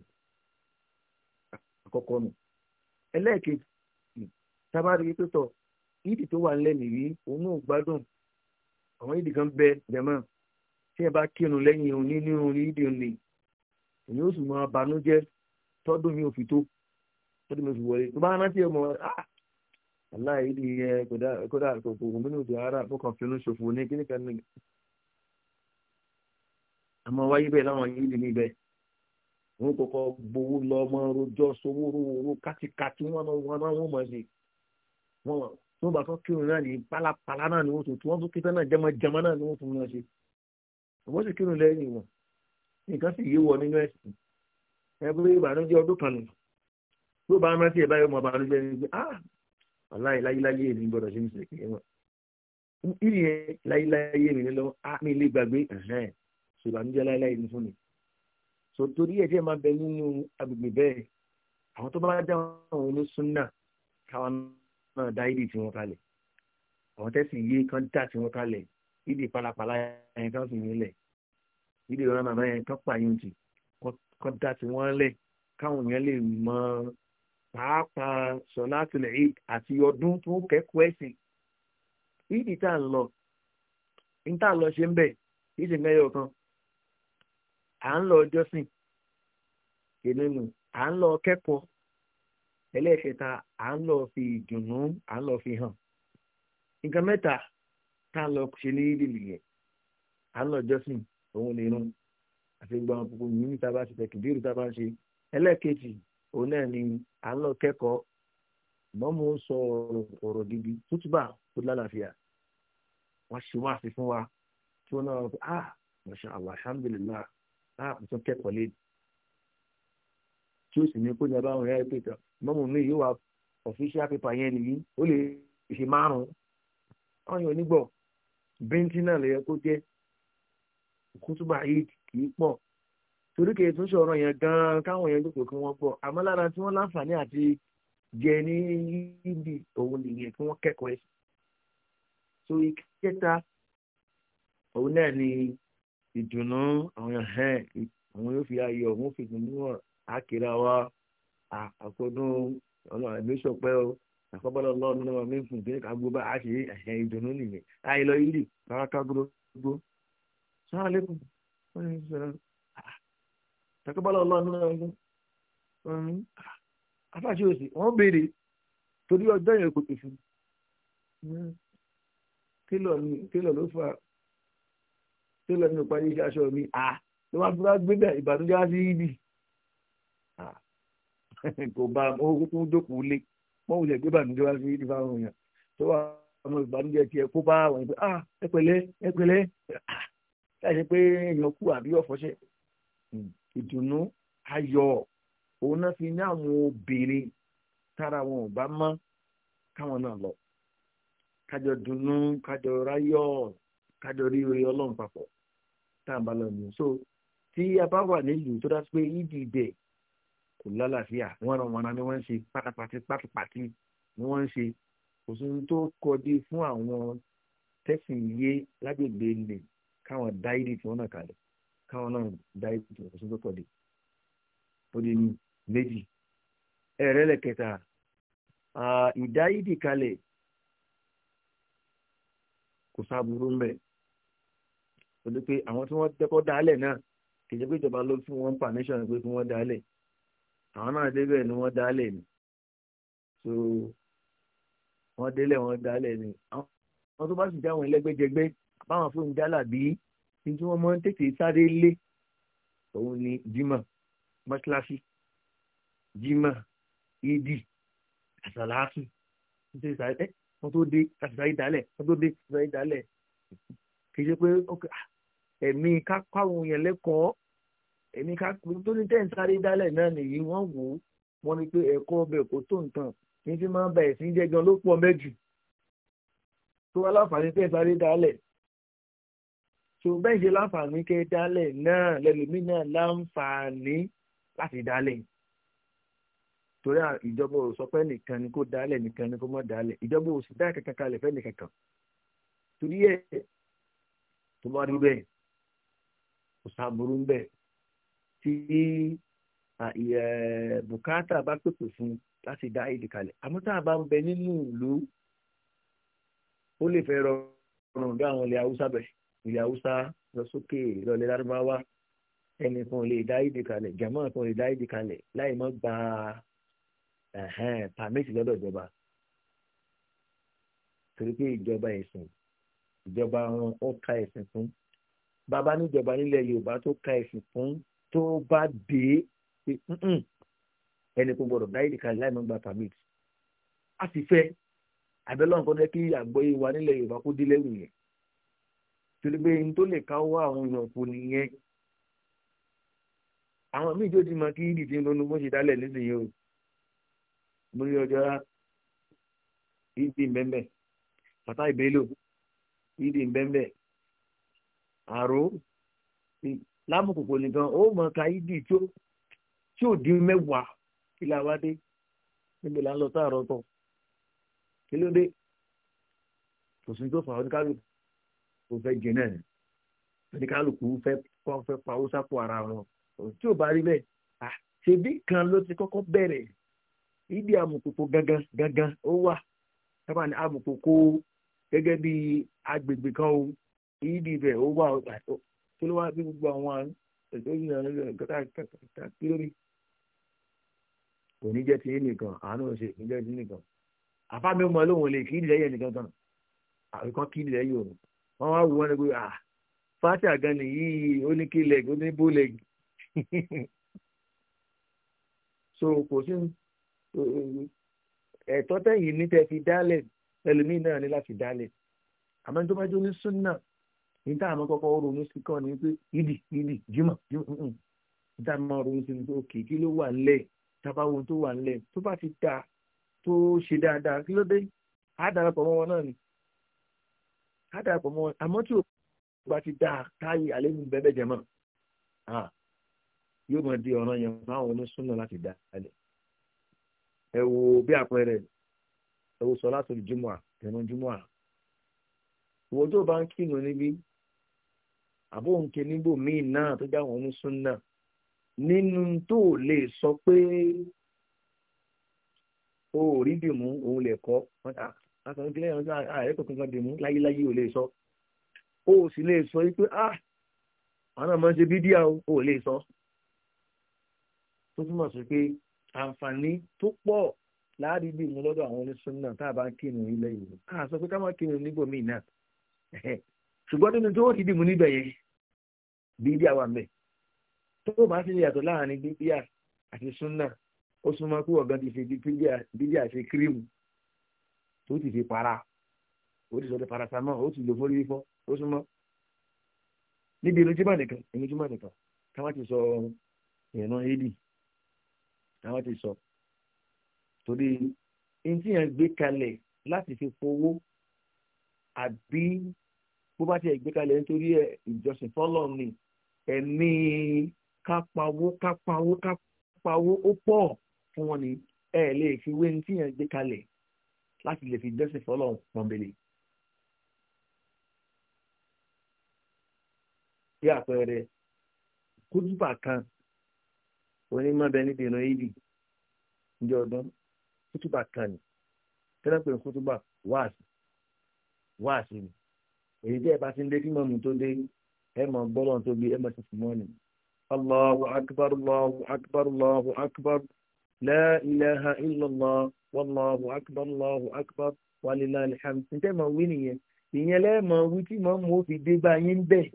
[SPEAKER 1] àkọ́kọ́ nù ẹlẹ́ẹ̀kejì tábàrí yìí tó tọ̀ ìdì tó wà nílẹ̀ nìyí òun náà gbádùn àwọn ìdì kan bẹ jẹ̀mọ́ tí ẹ bá kírun lẹ́yìn òní ní orin ìdì òní èyí ó sì máa banújẹ́ tọ́dún mi ò fi tó tọ́dún mi ò fi wọlé tó bá rántí ẹ mọ̀ ah, aláì ìdì yẹn kódà kòkò gómìnà òdì ara fọkàn fínú ṣòfò ní kíní kan ní. àmọ́ wáyé bẹ́ẹ̀ láwọn yìí lè ní wọn kọ́kọ́ gbowó lọ ọmọ rojọ́ sowó rúworú kátikáti wọn náà wọn náà wọn mọ̀ sí wọn tí wọn bá tán kírun náà ní pálapàla náà ni wọn tó tí wọn tún kí tán náà jẹmọjẹmọ náà ni wọn tún náà ṣe wọn sì kírun lẹ́yìn wọn nǹkan sì yíwọ nínú ẹ̀sìn ẹgbẹ ìbànújẹ́ ọdún kan nù tó bá rántí ẹ báyọ ọmọ ìbànújẹ́ ni pé ah aláì láyéláyé èmi gbọ́dọ̀ ṣe ń ṣe kéwọn ìyẹn láyéláyé èmi ni lọ á ah, mi lè gbàgbé ẹhẹn ṣèbànújẹ́ láyéláyé ni fún mi so torí ẹ jẹ́ máa bẹ nínú agbègbè bẹ́ẹ̀ àwọn tó bá dá àwọn oníṣúná káwọn náà dá ìdí tí wọ́n kalẹ̀ àwọn tẹ́sí yé kan dá tí wọ́n kalẹ̀ ìdí palapala yẹn kan sì yín lẹ̀ ìdí ìran màmá yẹn kan pààyàn jì kan dá tí wọ́n lẹ̀ káwọn yẹn lè mọ pàápàá sọ̀látùlẹ̀ ìd àti ọdún tó kẹ́kọ̀ọ́ ẹ̀sìn ìdí tá à lọ ń tá à lọ ṣe ń bẹ̀ ìṣe mẹ́yọ̀ kan à ń lọ ọjọ́sìn kìnínú à ń lọ kẹ́kọ̀ọ́ ẹlẹ́ẹ̀kẹta à ń lọ fi ìdùnnú à ń lọ fi hàn nǹkan mẹ́ta tá à ń lọ ṣe ní ìdìbò yẹn à ń lọ jọ́sìn òun lè rún àti gbọ́n àpòpò yìí tá a bá ṣe tẹ̀kìdírù tá a bá ń ṣe ẹlẹ́ẹ̀kejì òun náà ni à ń lọ kẹ́kọ̀ọ́ mọ́mú sọ ọ̀rọ̀ gidi tútùbà tó lálàáfíà wọ́n ṣe wá sí fún wa tí wọ́n náà wọ́n fi ah masha allah alhamdulilah ah mo tún kẹ́kọ̀ọ́ lé tí ó sì ní kó ní abáwọn ẹ̀rọ mọ́mù mi yóò wá official paper yẹn nìyí ó lè ṣe márùn-ún àwọn èèyàn onígbọ̀ bíntín náà lè yẹ kó jẹ́ kútùbà yìí kì í pọ̀ torí kìí tún sọ̀rọ̀ yẹn gan-an káwọn yẹn jókòó kí wọ́n gbọ́ àmọ́ lára tí wọ́n láǹfààní àti jẹ ní yídì òun nìyẹn kí wọ́n kẹ́kọ̀ọ́ ẹ̀ so ìkẹta òun náà ni ìdùnnú àwọn yẹn hẹ́n àwọn yóò fi ayọ̀ òun fi dùnnú àkèrè wa àkọ́dún ọ̀nà àmísọ̀ pẹ́ o àkọ́bọ́lọ́ lọ́ọ̀nù náà mi fún ìdílé ká gbóbá a ṣe ẹ̀ṣẹ̀ ìdùnnú nìyẹn láì lọ ilé rárá ká gbó gbó sọ́wọ́n lẹ́kùn wọ́n ní sọ̀rọ̀ àkọ́bọ́lọ́ lọ́ọ̀nù náà mi fún afáṣe òsì wọ́n béèrè torí ọjọ́ yẹn kò tó fún kílọ̀ ló fà kílọ̀ nínú parí iṣẹ́ aṣọ mi à ló wá gbé bẹ́ẹ̀ ìbànújẹ́ á sí ibi. <laughs> kò bá owó tó ń dókòó lé wọ́n wulẹ̀ gbé bànújẹ́ wá sí ìdíbà àwọn èèyàn tó wà ọmọ ìbànújẹ́ tiẹ̀ kó bá àwọn ìpè ah ẹ pẹ̀lẹ́ ẹ pẹ̀lẹ́ láìsí ah, pé èèyàn kú àbí ọ̀fọ́ṣẹ́ hmm, ìdùnnú ayọ̀ òun náà fi ní àwọn obìnrin tára wọn ò bá mọ́ káwọn náà lọ kájọ dunnú kájọ ráyọ̀ kájọ rí orí ọlọ́run tá à ń bá lọ nù so tí a bá wà nílùú tó dá sí pé ìdí ibẹ̀ kò lálàáfíà wọ́n ràn wọ́n ni wọ́n ń ṣe pátápátí pátápátí ni wọ́n ń ṣe kò sí tó kọjú fún àwọn tẹ́sí yé lágbègbè lè káwọn dáìrì tí wọ́n náà kalẹ̀ káwọn náà dáìrì tí wọ́n kò sí tó kọjú ó di ní méjì ẹ̀rẹ́ lẹ́kẹta ìdáìdì kalẹ̀ kò sábúrú ń bẹ̀ pé àwọn tí wọ́n tẹ́kọ́ dálẹ̀ náà kì ìjọba ló fún wọn pàmíṣàn pé fún wọn dálẹ̀ àwọn náà débẹ̀ ni wọ́n dálẹ̀ ni so wọ́n délẹ̀ wọ́n dálẹ̀ ni àwọn tó bá sì jáwọn ẹlẹ́gbẹ́jẹgbẹ́ báwọn fún un jálà bí ní tí wọ́n máa ń tètè sáré lé òun ni jimá mọ́ṣáláṣí jimá ìdí àṣàlásù nítorí sáré ẹ wọ́n tó dé àṣàlásù dálẹ̀ wọ́n tó dé àṣàlásù dálẹ̀ kì í ṣe pé ẹ̀mí ká káwọn yẹn lẹ́kọ̀ọ́ èmi ká tó ní tẹ́ǹ sáré dálẹ̀ náà nìyí wọ́n wò ó wọ́n ní pé ẹ̀kọ́ ọbẹ̀ kò tó nǹkan ní fi máa ń bẹ̀rẹ̀ sí jẹ́ gan ló pọ̀ mẹ́jù tó wá láǹfààní tẹ́ǹ sáré dálẹ̀ tó bẹ́ẹ̀ ṣe láǹfààní kẹ́ dálẹ̀ náà lẹ́lòmí náà láǹfààní láti dálẹ̀ torí ìjọba ò sọ pé nìkan ni kó dálẹ̀ nìkan ni kó má dálẹ̀ ìjọba ò sì dá kankan kalẹ̀ fẹ́ nìkankan torí ẹ̀ tó bá rí bẹ́ẹ̀ kò sábúrú bẹ́ẹ̀ tí bùkátà bá pèpè fún láti dá èdè kalẹ̀ àmọ́ tá a bá ń bẹ nínú ìlú ó lè fẹ́ rọrùn bí àwọn ilẹ̀ haúsá bẹ̀ ilẹ̀ haúsá lọ sókè lọlẹ̀ lárúbáwá ẹnìkan lè dá èdè kalẹ̀ jàmọ́ kan lè dá èdè kalẹ̀ láì mọ́ gba pàmẹ́tì lọ́dọ̀ ìjọba torí pé ìjọba ẹ̀sìn ìjọba wọn ó ka ẹ̀sìn fún bàbá níjọba nílẹ̀ yorùbá tó ka ẹ̀sìn fún tó bá dé pé ẹni kò gbọdọ̀ dáyé nìkan láì máa gba permit a sì fẹ́ àbẹ̀lọ́ nǹkan jẹ́ kí àgbọ̀yé wa nílẹ̀ Yorùbá kó dé lẹ́rù yẹn torí pé n tó lè káwọ́ àwọn èèyàn kò nìyẹn àwọn míì tó ti mọ kí ìdí ń ronú bó ṣe dálẹ̀ nísìnyí o mo rí ọjọ́ ìdí mbẹ́mbẹ́ fata ìbélò ìdí mbẹ́mbẹ́ àrò lámùkòkò nìkan ó mọ ka yídì tí ó tí ò dín mẹ́wàá kí la wá dé níbi là ń lọ sáàrọ̀ tọ̀ kí ló dé kò sí tó fà ọ́ ní kálukú kò fẹ́ jẹ náà ní kálukú fẹ́ kọ́ fẹ́ pa ó sápò ara wọn tí ò bá rí bẹ́ẹ̀ ṣebí kan ló ti kọ́kọ́ bẹ̀rẹ̀ ibi amùkòkò gangan gangan ó wà sábà ní amùkòkò gẹ́gẹ́ bí agbègbè kan o ibi ibẹ̀ ó wà kí ló wá sí gbogbo àwọn àrùn ètò yìí náà lè kọ́tà kàkàkà kí lórí. kò ní jẹ́ tìyín nìkan àánú ṣe kò ní jẹ́ tìyín nìkan àfa mi mọ lóhùn lè kí ilẹ̀ yẹn nìkan tán àríkan kí ilẹ̀ yìí òun wọ́n wá wù wọ́n ní pé à fásitì àgàn nìyí ó ní kí lẹ́gì ó ní bó lẹ́gì <laughs> so kò sí ẹ̀tọ́ tẹ̀yìn ní tẹ́ fi dálẹ̀ ẹlòmíì náà ní láti dálẹ̀ àmọ́ tó bá jó ní súnà ní tá àmọ́ kọ́kọ́ ronú sí kàn ní pé ìdì ìdì jimá jimá ní tá àmọ́ ronú sí ní pé òkè kí ló wà ńlẹ̀ tábà wo tó wà ńlẹ̀ tó bá ti da tó ṣe dáadáa kí ló dé á darapọ̀ mọ́ wọn náà ni á darapọ̀ mọ́ wọn àmọ́ tí o bá ti da táyì àlẹ́nu bẹ́ẹ̀ jẹ mọ́ yóò mọ̀ di ọ̀ràn yẹn fún àwọn onísùnà láti dá alẹ̀ ẹ wo bí àpẹẹrẹ ẹ wo sọ láti jùmọ̀ à à ìwọ́n tó bá ń kírun níbí àbóǹkè níbò míì náà tó jáwọn onísúnnà nínú tó lè sọ pé o ò rí dìmú òun lè kọ́ látọ̀ nípínlẹ̀ ọ̀hún ààrẹ kò kankan dìmú láyéláyé ò lè sọ o ò sì lè sọ pé ah àwọn ọmọ ṣe bídíà o ò lè sọ tó túmọ̀ sí pé àǹfààní tó pọ̀ láàrin dìmú lọ́dọ̀ àwọn onísúnnà tá a bá ń kírun ilẹ̀ yìí a sọ pé ká má kírun níbòmíì náà ṣùgbọ́n nínú tó rí dìmú níbẹ̀ yẹn bíbí àwa mẹ́ tó o bá ti yàtọ̀ láàrin bíbí àti súnà ó súnmọ́ pé ọ̀gá ti fi bíbí àti kírímù tó ti fi para ó ti sọ̀rọ̀ paracetamol ó ti lò fún orí fọ́ ó súnmọ́ níbi irunjúmọ̀ nìkan irunjúmọ̀ nìkan káwọn ti sọ ìran éèdì káwọn ti sọ torí ntí yẹn gbé kalẹ̀ láti fi fowó àbí bó bá ti ẹ̀ gbé kalẹ̀ nítorí ẹ̀ ìjọsìn fọ́lọ́ ni ẹ̀mí kápawó kápawó kápawó ó pọ̀ fún wọn ni ẹ lè fi wé ní tíyẹn gbé kalẹ̀ láti lè fi dẹ́sẹ̀ fọlọ́run pọ̀nbélé. bí àpẹẹrẹ kúdùbà kan onímọ̀bẹ níbi ìran ìdì ní ọdún kútùbà kan ni tẹ́lẹ̀ pé kútùbà wáàsì wáàsì ni èyí tí ẹ bá ti ń dé kí mọ̀mù tó dé ẹ mọ̀ gbọ́dọ̀ tó bí ẹ mọ̀ tó fún ọ́nì. Allahu akbar Allahu akbar Allahu akbar la ilaha illallah wallahu akbar Allahu akbar walillahil hamd. Ǹjẹ́ mọ̀ wí nìyẹn? Ìyẹn lẹ́ẹ̀mọ̀ wí tí mọ̀ mú fi dé bá yín bẹ̀.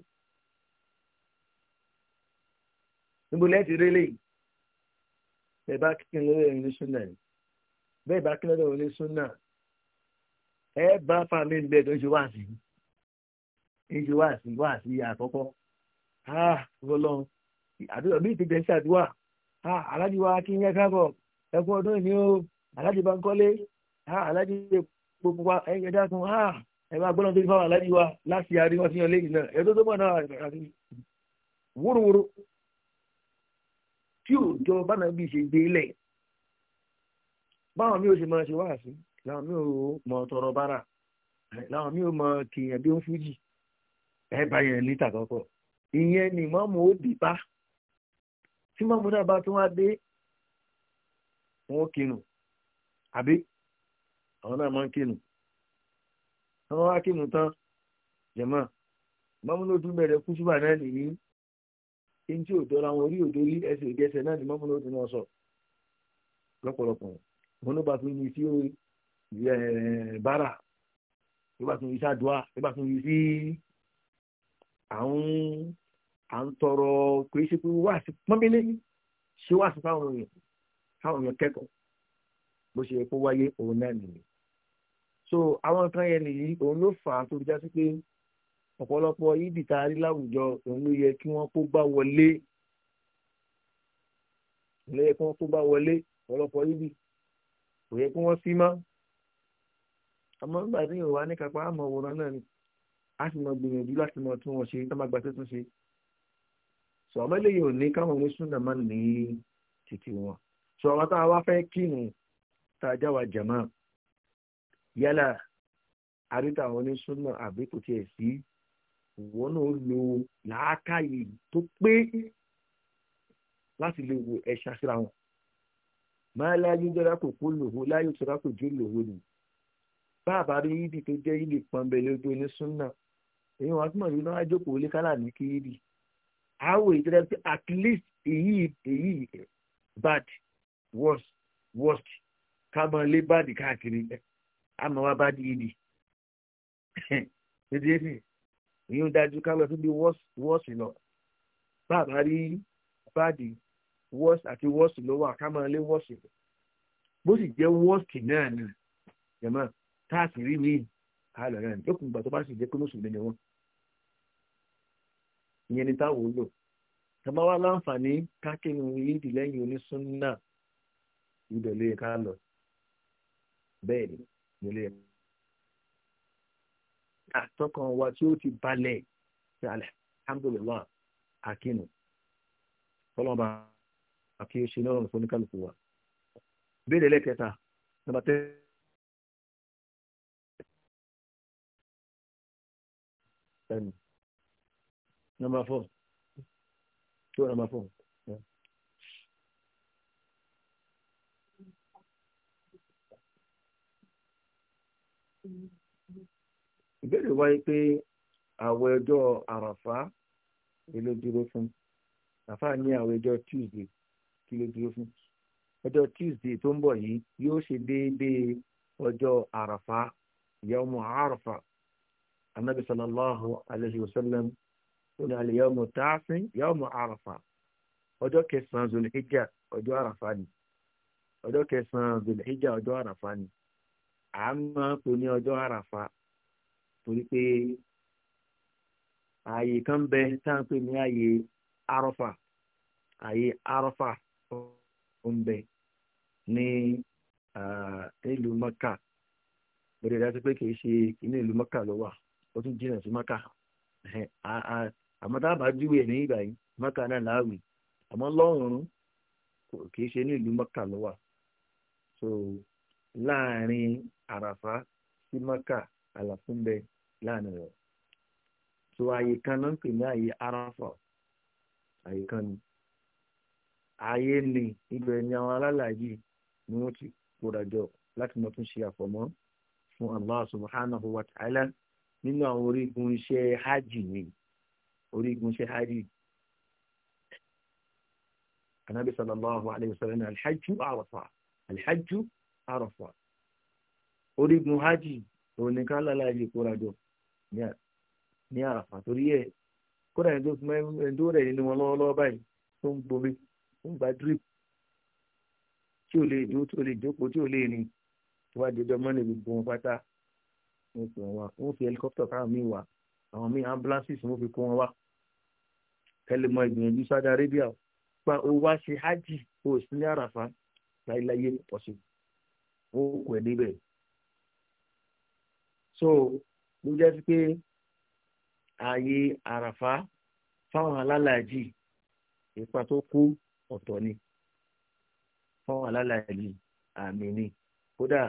[SPEAKER 1] Níbo lẹ́ẹ̀tì rélẹ̀ yìí? Bẹ́ẹ̀ bá kí n lórí ní Súnà yìí. Bẹ́ẹ̀ bá kí n lórí ní Súnà. Ẹ bá fàmí bẹ́ẹ̀ tó ń ṣe wáàsí yìí. ń si wá si wá sí àkọ́kọ́ ọlọ́run àdúrà bí ìpínlẹ̀ ṣàdúrà aláàjì wa kí n yẹ káàbọ̀ ẹkún ọdún ìní o aláàjì bá ń kọ́lé aláàjì gbogbo wa ẹ̀yẹ dákun ẹ bá gbọ́dọ̀ tó ti fáwọn aláàjì wa láti àrí wọn sí yan lẹ́yìn náà ẹ̀dọ́ tó mọ̀ náà wúrúwúrú tí bánà bí ṣe gbé lẹ̀ báwọn mi ò ṣe máa ṣe làwọn mi ò mọ tọrọ bára làwọn mi ò mọ bí ó ń fújì ẹ bá yẹn lítà kọ́kọ́ ìyẹn ni mọ́mù ó dì bá tí mọ́mù náà bá tún wá dé wọn ó kinu àbí àwọn náà máa ń kinu àwọn wá kinu tán jẹ̀mọ́ mọ́mù ló tún bẹ̀rẹ̀ kú ṣùgbọ́n náà nìyí ní tí òdò làwọn orí òdò rí ẹsẹ̀ ìgẹsẹ̀ náà ni mọ́mù ló tún náà sọ lọ́pọ̀lọpọ̀ wọn ló bá tún yí sí bára ló tún yí sí àdúrà ló tún yí sí à ń à ń tọrọ pé ṣe pé wá sí pọ́nbélé ṣé wá sí fáwọn èèyàn fáwọn èèyàn kẹ́kọ̀ọ́ bó ṣe yẹ kó wáyé òun náà nìyí so àwọn nǹkan yẹn nìyí òun ló fà á tó já sí pé ọ̀pọ̀lọpọ̀ yídì tá a rí láwùjọ òun ló yẹ kí wọ́n kó bá wọlé òun ló yẹ kí wọ́n kó bá wọlé ọ̀pọ̀lọpọ̀ yídì kò yẹ kí wọ́n sí mọ́ àmọ́ nígbà tí yorùbá ní kápá àmọ́ òwòrán náà ni a sì mọ gbìyànjú láti mọ tún wọn ṣe tó máa gba tó tún ṣe sọ ọmọ eléyìí ò ní káwọn oníṣúná máa ní títí wọn sọ ọmọ táwa wá fẹ́ kírun tá a já wa jàmá yálà àríta àwọn oníṣúná àbí kò tiẹ̀ sí ìwọ náà lo làákàyè tó pé láti lè wo ẹ̀ṣà síra wọn máa láyé jọra kò kó lòwó láyé jọra kò jó lòwó ni bá a bá rí yídì tó jẹ́ yídì pọ́nbẹ́lẹ́ ojú oníṣúná èyí wọn túmọ̀ sí náà jókòó lé kálà ní kéèdì àwọ̀ ìtẹ́lẹ̀ pé at least èyí èyí bad worst worst ká mọ lé bad káàkiri àmọ́ wá bad ìdì ṣètì èsì èyí ń dájú ká lọ síbi worst worst lọ bàbá rí bad worst àti worst ló wà ká mọ lé worst lọ bó sì jẹ́ worst náà nà jẹ̀mọ́ táàsì rí mi àlọ́ rẹ̀ ní ó kùn gbà tó bá sì jẹ́ pé mùsùlùmí ni wọ́n ìyẹn ni táwọn ò lò tàbá wá láǹfààní kákínú yídì lẹ́yìn onísúnnà ibẹ̀ ló yẹ ká lọ bẹ́ẹ̀ ni mo lè àtọkàn wa tí ó ti balẹ̀ ṣe alhamdulillah akínú fọlọ́ba àti ṣe náà lọ́nà fọ́nìkàlùkù wa béèrè lẹ́kẹta nàbà tẹ́ ẹnu. Number four. Two number four. Yeah. Ìbéèrè wáyé pé àwọ̀ ẹjọ́ àràfá kí ló dúró fún? Àfá ní àwọ̀ ẹjọ́ Tuesday kí ló dúró fún? Ọjọ́ Tuesday tó ń bọ̀ yìí yóò ṣe déédéé ọjọ́ àràfá, yawmu àràfá. Ànábì sallallahu alayhi wa sallam òní àlẹ́ yọmọ tààsín yọmọ àràfà ọjọ́ kẹsàn-án zolhijjá ọjọ́ àràfà ni ọjọ́ kẹsàn-án zolhijjá ọjọ́ àràfà ni à ń máa ń pè ní ọjọ́ àràfà torí pé ààyè kan bẹ tá à ń pè ní ààyè àràfà ààyè àràfà ń bẹ ní ìlú mọ́kà bẹ̀rẹ̀ dájú pé kì ṣe inú ìlú mọ́kà ló wà ó tún jìnnà sí mọ́kà àmọ́ tá a bá júwèé ní ìgbà yìí mọ́kà náà láàwì àmọ́ lọ́rùn kì í ṣe ní ìlú mọ́kà ló wà so láàrin àràfá sí mọ́kà àlàfúnbẹ láàrin rẹ̀ so àyè kan náà ń pè ní àyè àràfà àyè kan ni àyè ni ibẹ̀ ni àwọn alálàájì ni wọ́n ti kóra jọ láti mọ tún ṣe àfọ̀mọ́ fún Allah subhanahu wa ta'ala nínú àwọn orígun iṣẹ́ hajj nìyí. orígun ṣe hajj anabi sallallahu alayhi wa sallam alhajju arafa alhajju arafa orígun hajj onìkan lálàyé kórajọ ní àràfà torí ẹ kódà ẹni tó fún ẹni tó rẹ nínú wọn lọ́wọ́lọ́wọ́ báyìí tó ń gbomi tó ń gba drip tí ò lè dúró tí ò lè jókòó tí ò lè rìn tó bá dédé ọmọ níbi gbogbo wọn pátá wọn fi ẹlikọ́pítọ̀ káwọn míì wá àwọn míì ambulances wọn fi kó wọn wá kẹlẹ mọ ìgbìyànjú Saudi Arabia pa owó wá ṣe hajj o sí ní àràfà láyéláyé pọ̀sí ó kù ẹ̀ níbẹ̀. so ló jẹ́ sí pé ààyè àràfà fáwọn alálàájì ipa tó kú ọ̀tọ̀ ni fáwọn alálàájì àmì ni kódà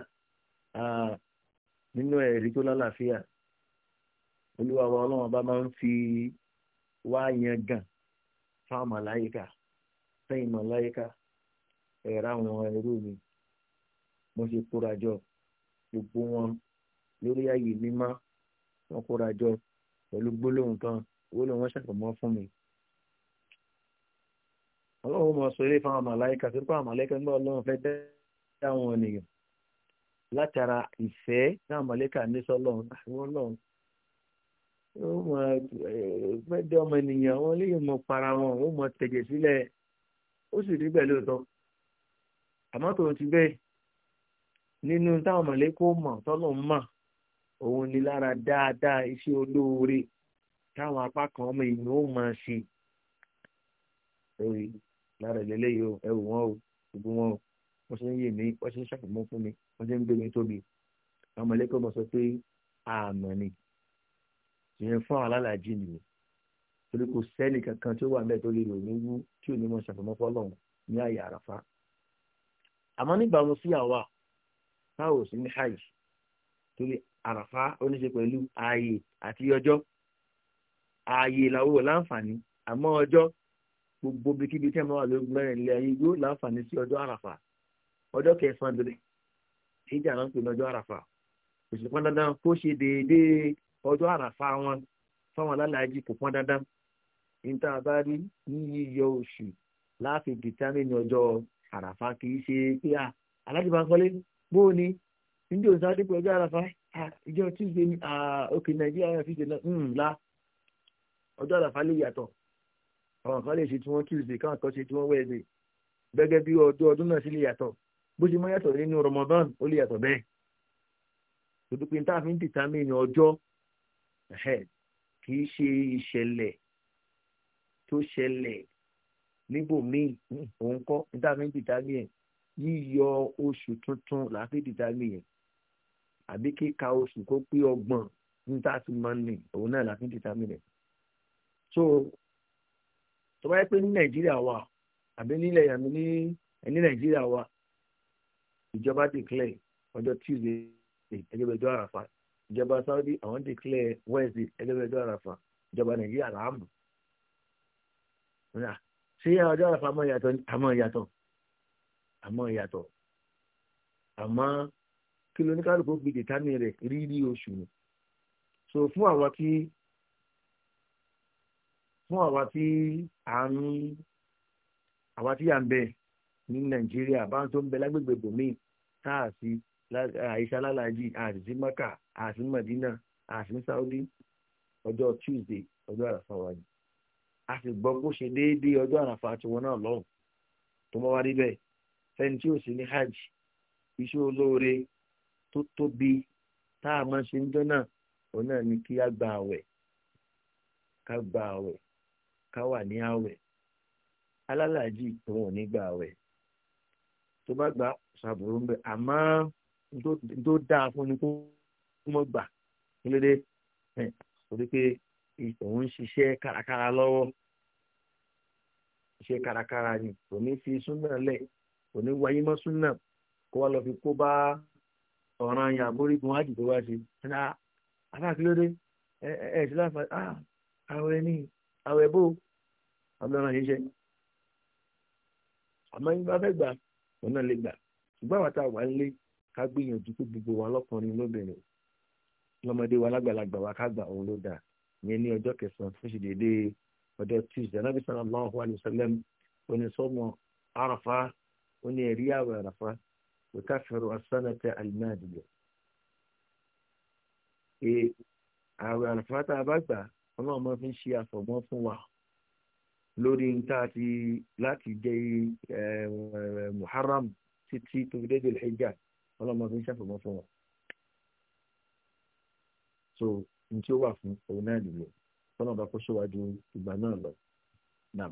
[SPEAKER 1] nínú ẹ̀rí tó lálàáfíà olúwa wa ọlọ́run bá máa ń fi wá yan gan fáwọn màláyíkà sẹ́yìn màláyíkà ẹ̀rá àwọn ẹrú mi mo ṣe kóra jọ gbogbo wọn lórí ààyè mímá wọn kóra jọ pẹ̀lú gbólóhùn kan owó ni wọ́n ṣàfọ̀mọ́ fún mi. ọlọ́run mọ̀ sọ eré fáwọn màláyíkà tó kọ́ àwọn màláyíkà nígbà ọlọ́run fẹ́ dá àwọn ènìyàn látara ìfẹ́ táwọn màláyíkà ní sọ́lọ́run àwọn ọlọ́run ó mọ mẹ́jọ eh, ọmọ ènìyàn wọn léyìn mọ para wọn ó mọ tẹ̀jẹ̀ sílẹ̀ ó sì rí bẹ́ẹ̀ lóòótọ́ àmọ́ tòun ti bẹ́ẹ̀ nínú táwọn mọ̀lẹ́kọ́ mọ̀ tọ́lọ̀ ń mọ̀ òun ni lára dáadáa iṣẹ́ olóore táwọn apá kan ọmọ ènìyàn ó máa ṣe lórí lára ìlẹ́lẹ́ yìí ẹ wò wọ́n o gbogbo wọn o wọ́n ṣe ń yè mí wọ́n ṣe ń ṣàfùmọ́ fún mi wọ́n ṣe ń gbé mi tóbi àwọn mọ̀lẹ́kọ́ mọ̀ sọ pé àmọ̀ ni ìyẹn fún àwọn alálàájì nìyẹn torí kò sẹ́ni kankan tí ó wà mẹ́ẹ̀ tó lè rò níwú tí ò ní mọ̀ ṣàfọ̀mọ́ fọ́lọ́hún ní àyè àràfá àmọ́ níbàámu sí àwa táwọn ò sí ní hajj torí àràfá ó ní ṣe pẹ̀lú ààyè àti ọjọ́ ààyè làwọn ò láǹfààní àmọ́ ọjọ́ gbogbo bíkíbi tí a máa wà lórí mẹ́rin ilé ayé yóò láǹfààní sí ọjọ́ àràfà ọjọ́ kẹsàn-án bẹ̀rẹ̀ ìjà náà ń pè ní ọjọ́ àràfà òṣìṣẹ́ pọ́n dandan kó ṣe déédéé ọjọ́ àràfà wọn fáwọn alálàájì kò pọn dandan níta bá rí ní yíyọ oṣù láti dìtámìnì ọjọ́ àràfà kì í ṣe pé à aláàjì bá ń kọ́lé bó o ní níbi òun sáré pé ọjọ́ àràfà ìjọ tuesday ní òkè nàìjíríà fi ṣe ńlá ọjọ́ àràfà lè yàtọ̀ àwọn kan lè ṣe tí wọ́n tuesday káwọn kan ṣe tí wọ́n wednesday gẹ́gẹ́ bí ọjọ́ ọdún náà sì lè yàtọ̀ bó ṣe mọ́ yàtọ̀ nínú ramadan ó lè yàtọ̀ bẹ́ẹ̀ tòdúpin tá a ọjọ́ kì í ṣe ìṣẹ̀lẹ̀ tó ṣẹlẹ̀ níbòmíì òun kọ́ níta mi ń dìtámì ẹ̀ yíyọ oṣù tuntun láti dìtámì ẹ̀ àbí kíka oṣù kó pé ọgbọ̀n níta ti mọ ní òun náà láti dìtámì so tó bá yẹ pé ní nàìjíríà wà àbí nílẹ̀ yàmi ní ẹni nàìjíríà wà ìjọba declare ọjọ́ tuesday ẹgbẹ̀jọ àràfà ìjọba Saudi àwọn declare Wednesday ẹgbẹ́ ọjọ́ àràfà ìjọba Nàìjíríà làámù ṣé ọjọ́ àràfà àmọ́ ìyàtọ̀ àmọ́ ìyàtọ̀ àmọ́ ìyàtọ̀ àmọ́ kí ló ní kálukú fi dìtámì rẹ̀ rírí oṣù ni so fún àwa tí fún àwa tí à ń àwa tí à ń bẹ ní Nàìjíríà bá ń tó ń bẹ lágbègbè bòmíì tá a sí àìsà lálàájì àti sí Mẹ́kà àti Madina àti Saudi ọjọ́ Tuesday ọjọ́ àràfà wa ni a sì gbọ́ bó ṣe déédéé ọjọ́ àràfà tiwọn náà lọ́hùn tó mọ́ wá rí bẹ́ẹ̀ tí ò sí ní hajj iṣẹ́ olóore tó tóbi tá a máa ṣe ń jọ́ òun náà ni kí á gba àwẹ̀ ká gba àwẹ̀ ká wà ní àwẹ̀ alálàájì tó wọn ò ní gba àwẹ̀ tó bá gba ṣàbùrú ń bẹ àmọ́ tó dáa fún ni kó kó mọ́ gbà kí ló dé torí pé òun ń ṣiṣẹ́ kárakára lọ́wọ́ ṣiṣẹ́ kárakára ni kò ní fi súnà lẹ̀ kò ní wáyé mọ́ súnà kó wá lọ fi kó bá ọ̀ràn yàn àbórígun ájì tó wá sí ṣáná àbá kí ẹ ẹ ṣe láǹfààní ah àwẹ̀ ni àwẹ̀ bò ọlọ́run ṣiṣẹ́ àmọ́ yín bá fẹ́ gbà òun náà lè gbà ṣùgbọ́n àwọn tá a wà ń lé ká gbìyànjú kó gbogbo wa lọ́kùnrin lóbìnrin lọ́mọdé wa lágbàlagbà wa kágbà òun ló dà yẹn ní ọjọ́ kẹsàn-án tó ṣe déédéé ọjọ́ tuesday anábì sallallahu alayhi wa sallam onísọ́mọ arafa oní ẹ̀rí àwẹ̀ arafa òkàfẹ́rù asánàtẹ alimadiya. àwẹ̀ arafa tá a bá gbà ọlọ́run máa fi ń ṣe àfọ̀mọ́ fún wa lórí nta ti láti jẹ́ eh, muharram títí tó fi dédé lè ọlọ́run máa fi ń ṣàfọ̀mọ́ fún wa so ní tí ó wà fún òun náà nìyẹn tọ́nà bá kó síwájú ìgbà náà lọ nam.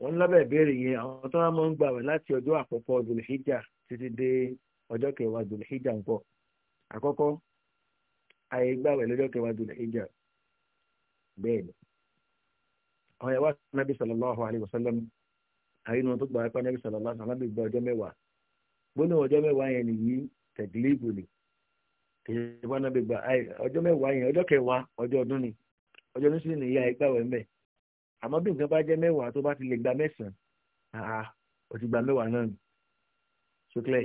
[SPEAKER 1] wọ́n lábẹ́ ìbéèrè yẹn àwọn tó máa ń gbàwẹ̀ láti ọjọ́ àkọ́kọ́ dùlùhíjà títí dé ọjọ́ kẹwàá dùlùhíjà ń pọ̀ àkọ́kọ́ àyè gbàwẹ̀ lọ́jọ́ kẹwàá dùlùhíjà bẹ́ẹ̀ ni àwọn ẹ̀wá nàbí sallallahu alaihi wasallam àyínú tó gba ẹ̀pá nẹ́bí sọ̀rọ̀ lásán lábẹ́ ìgbà ọjọ́ mẹ́wàá gbóná ọjọ́ mẹ́wàá yẹn nìyí tẹ̀gílíìbù ni ìjọba náà gbẹgbà ọjọ́ mẹ́wàá yẹn ọjọ́ kẹwàá ọjọ́ ọdún ni ọjọ́ ọdún sì ni ìyá ẹgbà wẹ̀ mẹ́ àmọ́ bí nǹkan bá jẹ́ mẹ́wàá tó bá ti lè gba mẹ́sàn-án àá ó ti gba mẹ́wàá náà ni ṣókẹ́lẹ̀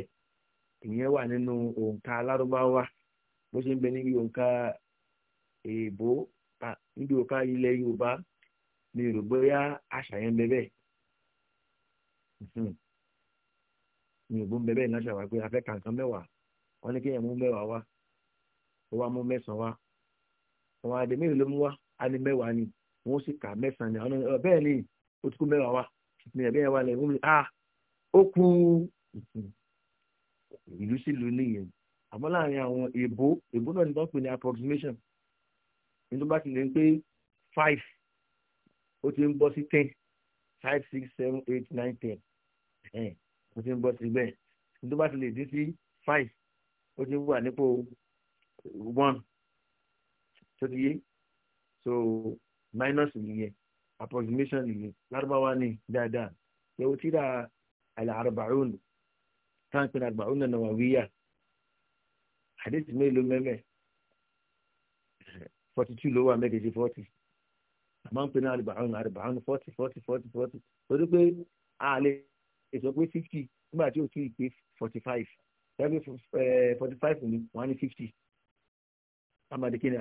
[SPEAKER 1] ìyẹn wà nínú òǹkà alárúbáwá bó ṣe ń bẹ níbi òǹkà èèbó Hmm. mi ò bó ń bẹ bẹ́ẹ̀ láṣà wá pé afẹ́ kàǹkan mẹ́wàá wọ́n ní kéèyàn mú mẹ́wàá wá ó wá mú mẹ́sàn-án wá àwọn àdè mélòó ló mú wá á ní mẹ́wàá ni wọ́n sì kà mẹ́sàn-án ni àwọn bẹ́ẹ̀ ni ó ti kú mẹ́wàá wá ní ẹ̀bí yẹn wá lẹ̀ wọ́n mi ah ó kú ìlú sílùú nìyẹn àmọ́ láàrin àwọn èbó èbó náà ni wọ́n pè ní approximation ní tó bá ti lè pé five ó ti ń bọ́ sí ten five six seven eight nine ten ẹ̀ mo ti ń bọ́ sí bẹ́ẹ̀ tó bá ti lè dín sí five ó ti wà nípò one tó ti yé so minus nìyẹn approximation nìyẹn lárúbáwá ni dáadáa yẹ̀wò tíra àlẹ́ àrùbáhùn táǹpì náà náà wà wíyà àdéhùn mélòó mẹ́mẹ́ forty two ló wà mẹ́kẹ̀ẹ́jì forty àmọ́ ń pè ní àrùbáhùn forty forty forty forty torí pé a lè èso pé fifty nígbà tí o ti gbé forty five tẹ́lẹ̀ eh, forty five ni wọ́n á ní fifty amadike ni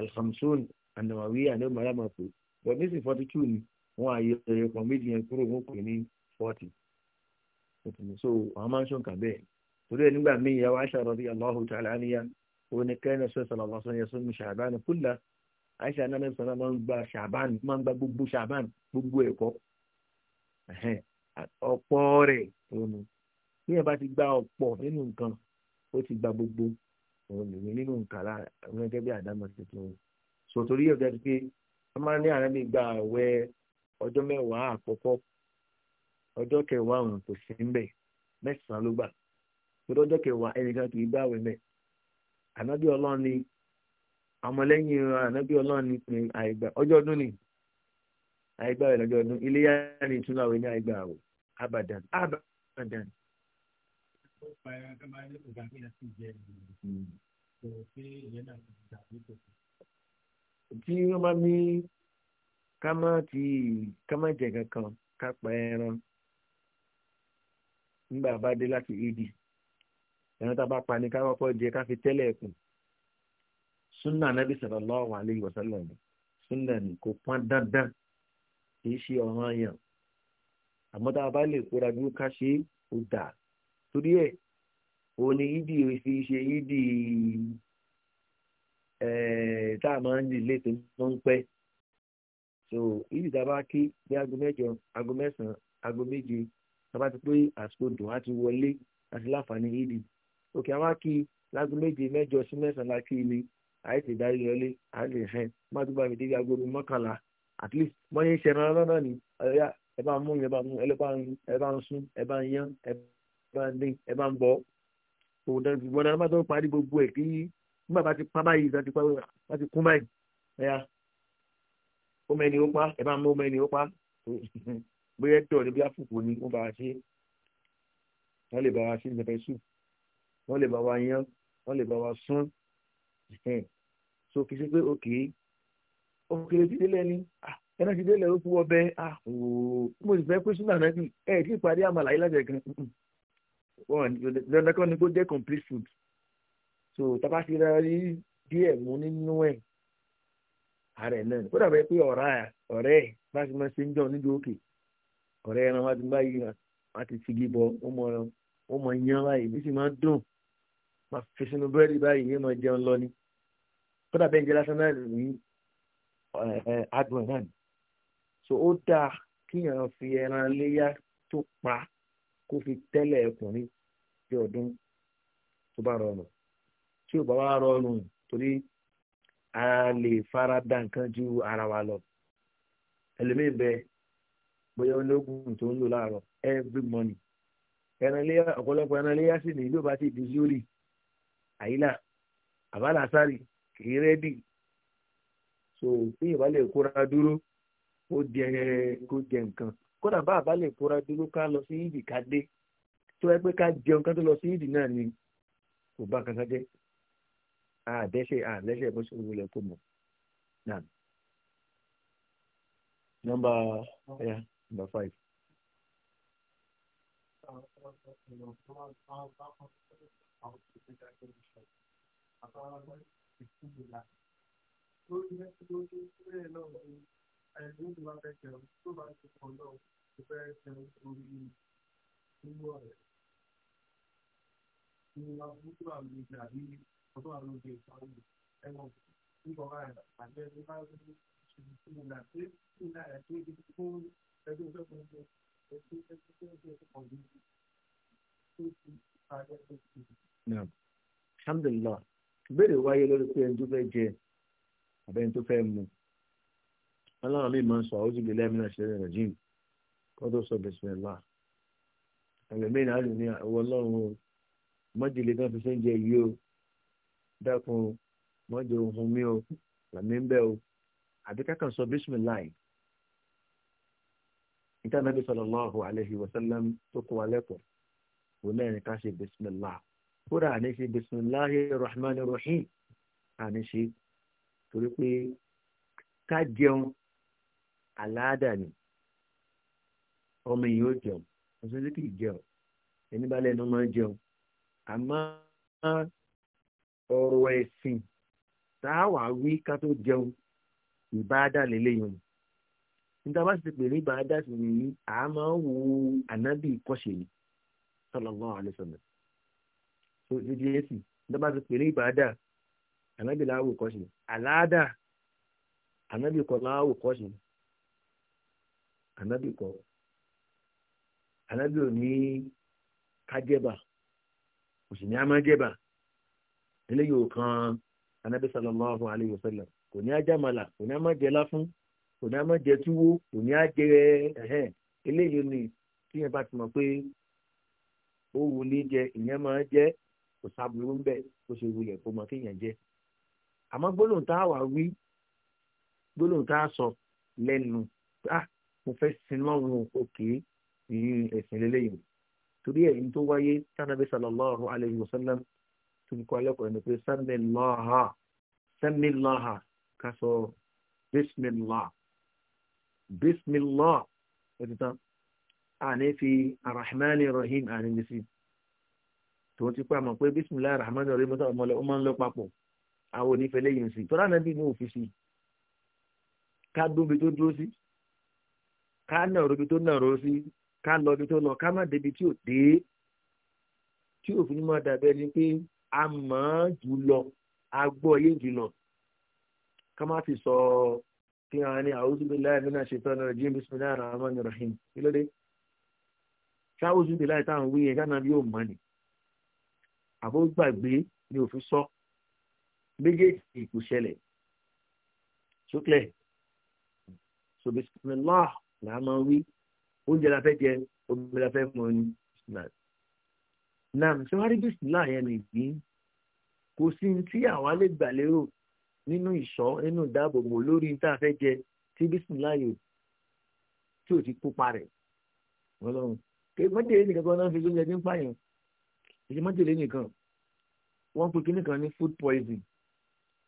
[SPEAKER 1] alhamsun anawawi anamara máa pè but nísìnyí forty two ni wọ́n àyè ẹ̀yọ̀pọ̀ méjì yẹn kúrò wọ́n pè ní forty so àwọn máa ń ṣọ̀nkà bẹ́ẹ̀ torí ẹ̀ nígbà míì yà wá aṣọ àròdì aláhùn tààlà níyà oníkẹ́ni ṣe sọ̀rọ̀ lọ́sọ̀ yẹn sọ́mi ṣàbánu kúlà àìṣà náà sọ̀rọ̀ máa ń gba ṣàbánu máa ń gba gbogbo ṣàbánu gbogbo ẹ̀kọ́ ọ̀pọ̀ rẹ̀ òun nù bí ẹ bá ti gba ọ̀pọ̀ nínú nǹkan ó ti gba gbogbo òun nínú nǹkan lára àwọn bí àdámọ̀ tuntun sòtòrí ọ̀gá ti pé a máa ní àrẹ́bí gba àwẹ̀ ọjọ́ mẹ́wàá àkọ́kọ́ ọjọ́ kẹwàá kò sí ń bẹ̀ mẹ́sàn-án ló gbà pẹ̀lú ọjọ́ kẹwàá ẹnìkan kì í mẹ́ ni ọmọlẹ́yìn ànábì ọlọ́run ni àìgbà ọjọ́ ọdún ni àìgbà ọdún abadan abadan. tí wọ́n bá ní ká má ti ká má jẹ kankan ká pa ẹran nígbà bá dé láti ìdí ẹran tá a bá pa ni ká kọ́kọ́ jẹ ká fi tẹ́lẹ̀ ẹ̀kùn sunna nabi sallallahu alayhi wa sallam sunna ni kò pọn dandan kì í ṣe ọ̀ràn yẹn àmọ́ tá a bá lè kóra dúró ká ṣe é ó dà torí ẹ̀ òun ni yídì fi ṣe yídì tá a máa ń lè lè tó ń pẹ́ so yídì tá a bá kí ní aago mẹ́jọ aago mẹ́sàn-án aago méje tá a bá ti pé àsìkò dùn á ti wọlé àti láǹfààní yídì òkè àwọn akí láago méje mẹ́jọ sí mẹ́sàn-án la kí ilé àìsè ìdarí lọlé àìsè ìfẹ́ má tó bá mi dé aago mọ́kànlá at least mọ́yé ìṣẹ̀ràn lọ́nà ni ọ̀yà ẹ bá ń mú ẹ bá ń ẹ bá ń sún ẹ bá ń yán ẹ bá ń dín ẹ bá ń bọ òun náà gbogbo ọ̀nà bá tó parí gbogbo ẹ̀ kí nígbà bá ti pa báyìí ìgbà bá ti kún báyìí ẹ̀yà ó mẹ́ni ó pa ẹ bá ń mú mẹ́ni ó pa <laughs> bóyá dọ̀ níbi àfùkù ni wọ́n bá wa ṣe wọ́n lè bá wa ṣe ìjọba ẹ̀sùn wọ́n lè bá wa yán wọ́n lè bá wa sún so kì í ṣe pé òkè ó kéré dídé lẹ́ni ah ẹnà ti délẹ̀ ó fúwọ́ bẹ́ẹ̀ à ooo mo sì fẹ́ pé sínú ẹ̀ kí ìparí àmàlà lájẹ̀ gan wọn kan ni kó jẹ́ complete food so tábà ti rà rí díẹ̀ mú nínú ẹ̀ ààrẹ náà ni kódà bẹ́ẹ̀ pé ọ̀rá ọ̀rẹ́ ẹ̀ bá ti máa ṣe ń jọ níbi òkè ọ̀rẹ́ ẹran wa ti bá yí wa ti ti gé ó mọ ó báyìí bí sì máa dùn máa fi sínú búrẹ́dì báyìí yé máa jẹun lọ ni kódà bẹ́ẹ̀ ń jẹ lásán náà ní adùn náà ni so ó dáa kíyàn fi ẹran léyà tó pa kó fi tẹ́lẹ̀ ọkùnrin bí ọdún tó bá rọrùn tí ò bá wá rọrùn torí a lè fara da nǹkan ju ara wa lọ ẹlòmíì bẹ bóyá ológun tó ń lò láàárọ̀ every morning ẹran léyà ọ̀pọ̀lọpọ̀ ẹran léyà sì ní ìlú bá ti di zuri àyílà àbálàsárì kì í rẹ́dì so bí ìbálẹ̀ kóra dúró kó jẹ kó jẹ nǹkan kódà bá àbá lè kóra dúró ká lọ sí ìdì ká dé tó ẹ pé ká jẹun ká tó lọ sí ìdì náà ni kò bá kankan jẹ àdẹ́sẹ̀ àdẹ́sẹ̀ bó ṣe wulẹ̀ kó mọ̀ náà. Nọ́mbà ẹ̀ nọ́mbà five. Thank you ẹni tó ti máa fẹ́ jẹun tó bá ti pọ̀ náà tó fẹ́ jẹun orí ìlú ọ̀rẹ́. Ìwà fúnjú àwọn ìgbà bí ọdún àwọn oge ìpàdé ẹ̀wọ̀n nígbà wà àti ẹni bá ń bí ìgbà tí ìgbà tí ìgbà tí fún ẹgbẹ́ ìjọ kan jẹ ẹgbẹ́ ẹgbẹ́ tó ń jẹ ọ̀gbìn tó ti ìpàdé tó ti. Alhamdulillah, ìbéèrè wáyé lórí pé ẹni tó fẹ́ jẹ àbẹ́ni tó fẹ́ mu ọlọ́run mi máa ń sọ àwọn ojúbi lẹ́mìnà ṣe rẹ̀ jìm kó tó sọ bẹ̀sẹ̀ ńlá ẹlẹ́mìnà á lè ní àwọn ọlọ́run o mọ́jìlẹ̀ kan fi sẹ́ńjẹ yìí o dákun mọ́jọ ohun mi o làmì ń bẹ́ o àbí kákan sọ bísímìlá yìí níta nàbí sallallahu alaihi wa sallam tó kọ́ wa lẹ́kọ̀ọ́ kò lẹ́yìn ká ṣe bísímìlá kódà àní ṣe bisimilahi rahman rahim àní ṣe torí pé ká jẹun àláàdà ni ọmọ yìí ó jẹun ọsọ tí kì í jẹun ẹni bá lẹ́nu máa jẹun àmọ́ ọ̀rọ̀ ẹ̀sìn tá a wà wí ká tó jẹun ìbáadà o níta bá ti pè ní ìbáadà sì nìyí a máa wo ànábì kọ́ṣe ni sallallahu alaihi wasallam tó ṣe díẹ̀ sí níta bá ti pè ní ìbáadà ànábì láwò kọ́ṣe àláàdà ànábì kọ́ láwò kọ́ṣe ànábì kọ́ ànábì ò ní kájẹ́bà kò sì ní amájẹ́bà eléyìí ò kan ànábì sallallahu alayhi wa sallam kò ní ajámalà kò ní amájẹlá fún kò ní amájẹtúwó kò ní ajẹ ẹhẹn eléyìí ni tíyẹn bá ti mọ̀ pé ó wù ní jẹ ìyẹn máa jẹ kò sábúrú ń bẹ kó ṣe wulẹ̀ kó mọ kéèyàn jẹ àmọ́ gbólóhùn tá a wà wí gbólóhùn tá a sọ lẹ́nu ah mo fẹ́ sin lọ́run òkè ìyìn ẹ̀sìn lélẹ́yìn torí ẹ̀ ní tó wáyé tánàbí sallallahu alayhi wa sallam tó fi kọ́ alẹ́kọ̀ọ́ ẹni pé samilaha samilaha ká sọ bismillah bismillah ẹ̀tí tán àní fi arahmani rahim àní ní sí tó ti pé àmọ̀ pé bismillah arahmani rahim ọmọlẹ́ ó máa ń lọ papọ̀ àwọn onífẹ́ lẹ́yìn sí tó ránà bí ní òfin sí ká dóbi tó dúró sí ká nàró ibi tó nàró sí ká lọ ibi tó lọ ká má débi tí ò dé tí òfin máa dàbẹ́ ni pé a mọ̀ ọ́n jù lọ a gbọ́ yé jù lọ ká má fi sọ kí wọn ní a'udhu billahi minash shaitani rajim bismillahir rahmanir rahim kí ló dé ṣáwùsù bí láì táwọn wí yẹn gánà yóò mọ̀ ni àbó gbàgbé ni òfin sọ méjèèjì kò ṣẹlẹ̀ sókè so bismillah làá máa wí oúnjẹ la fẹ́ jẹ omi la fẹ́ mu ni náà náà sọ́wárí bísílà yẹn nìyí kò sí tí àwa lè gbà lérò nínú ìṣọ́ nínú ìdáàbòbò lórí tá a fẹ́ jẹ tí bísílà yìí tí ò ti kópa rẹ̀ ọlọ́run kí mọ́tẹ̀lé nìkan kan náà fi lóúnjẹ tí ń pààyàn èyí mọ́tẹ̀lé nìkan wọ́n pe kíní kan ní food poison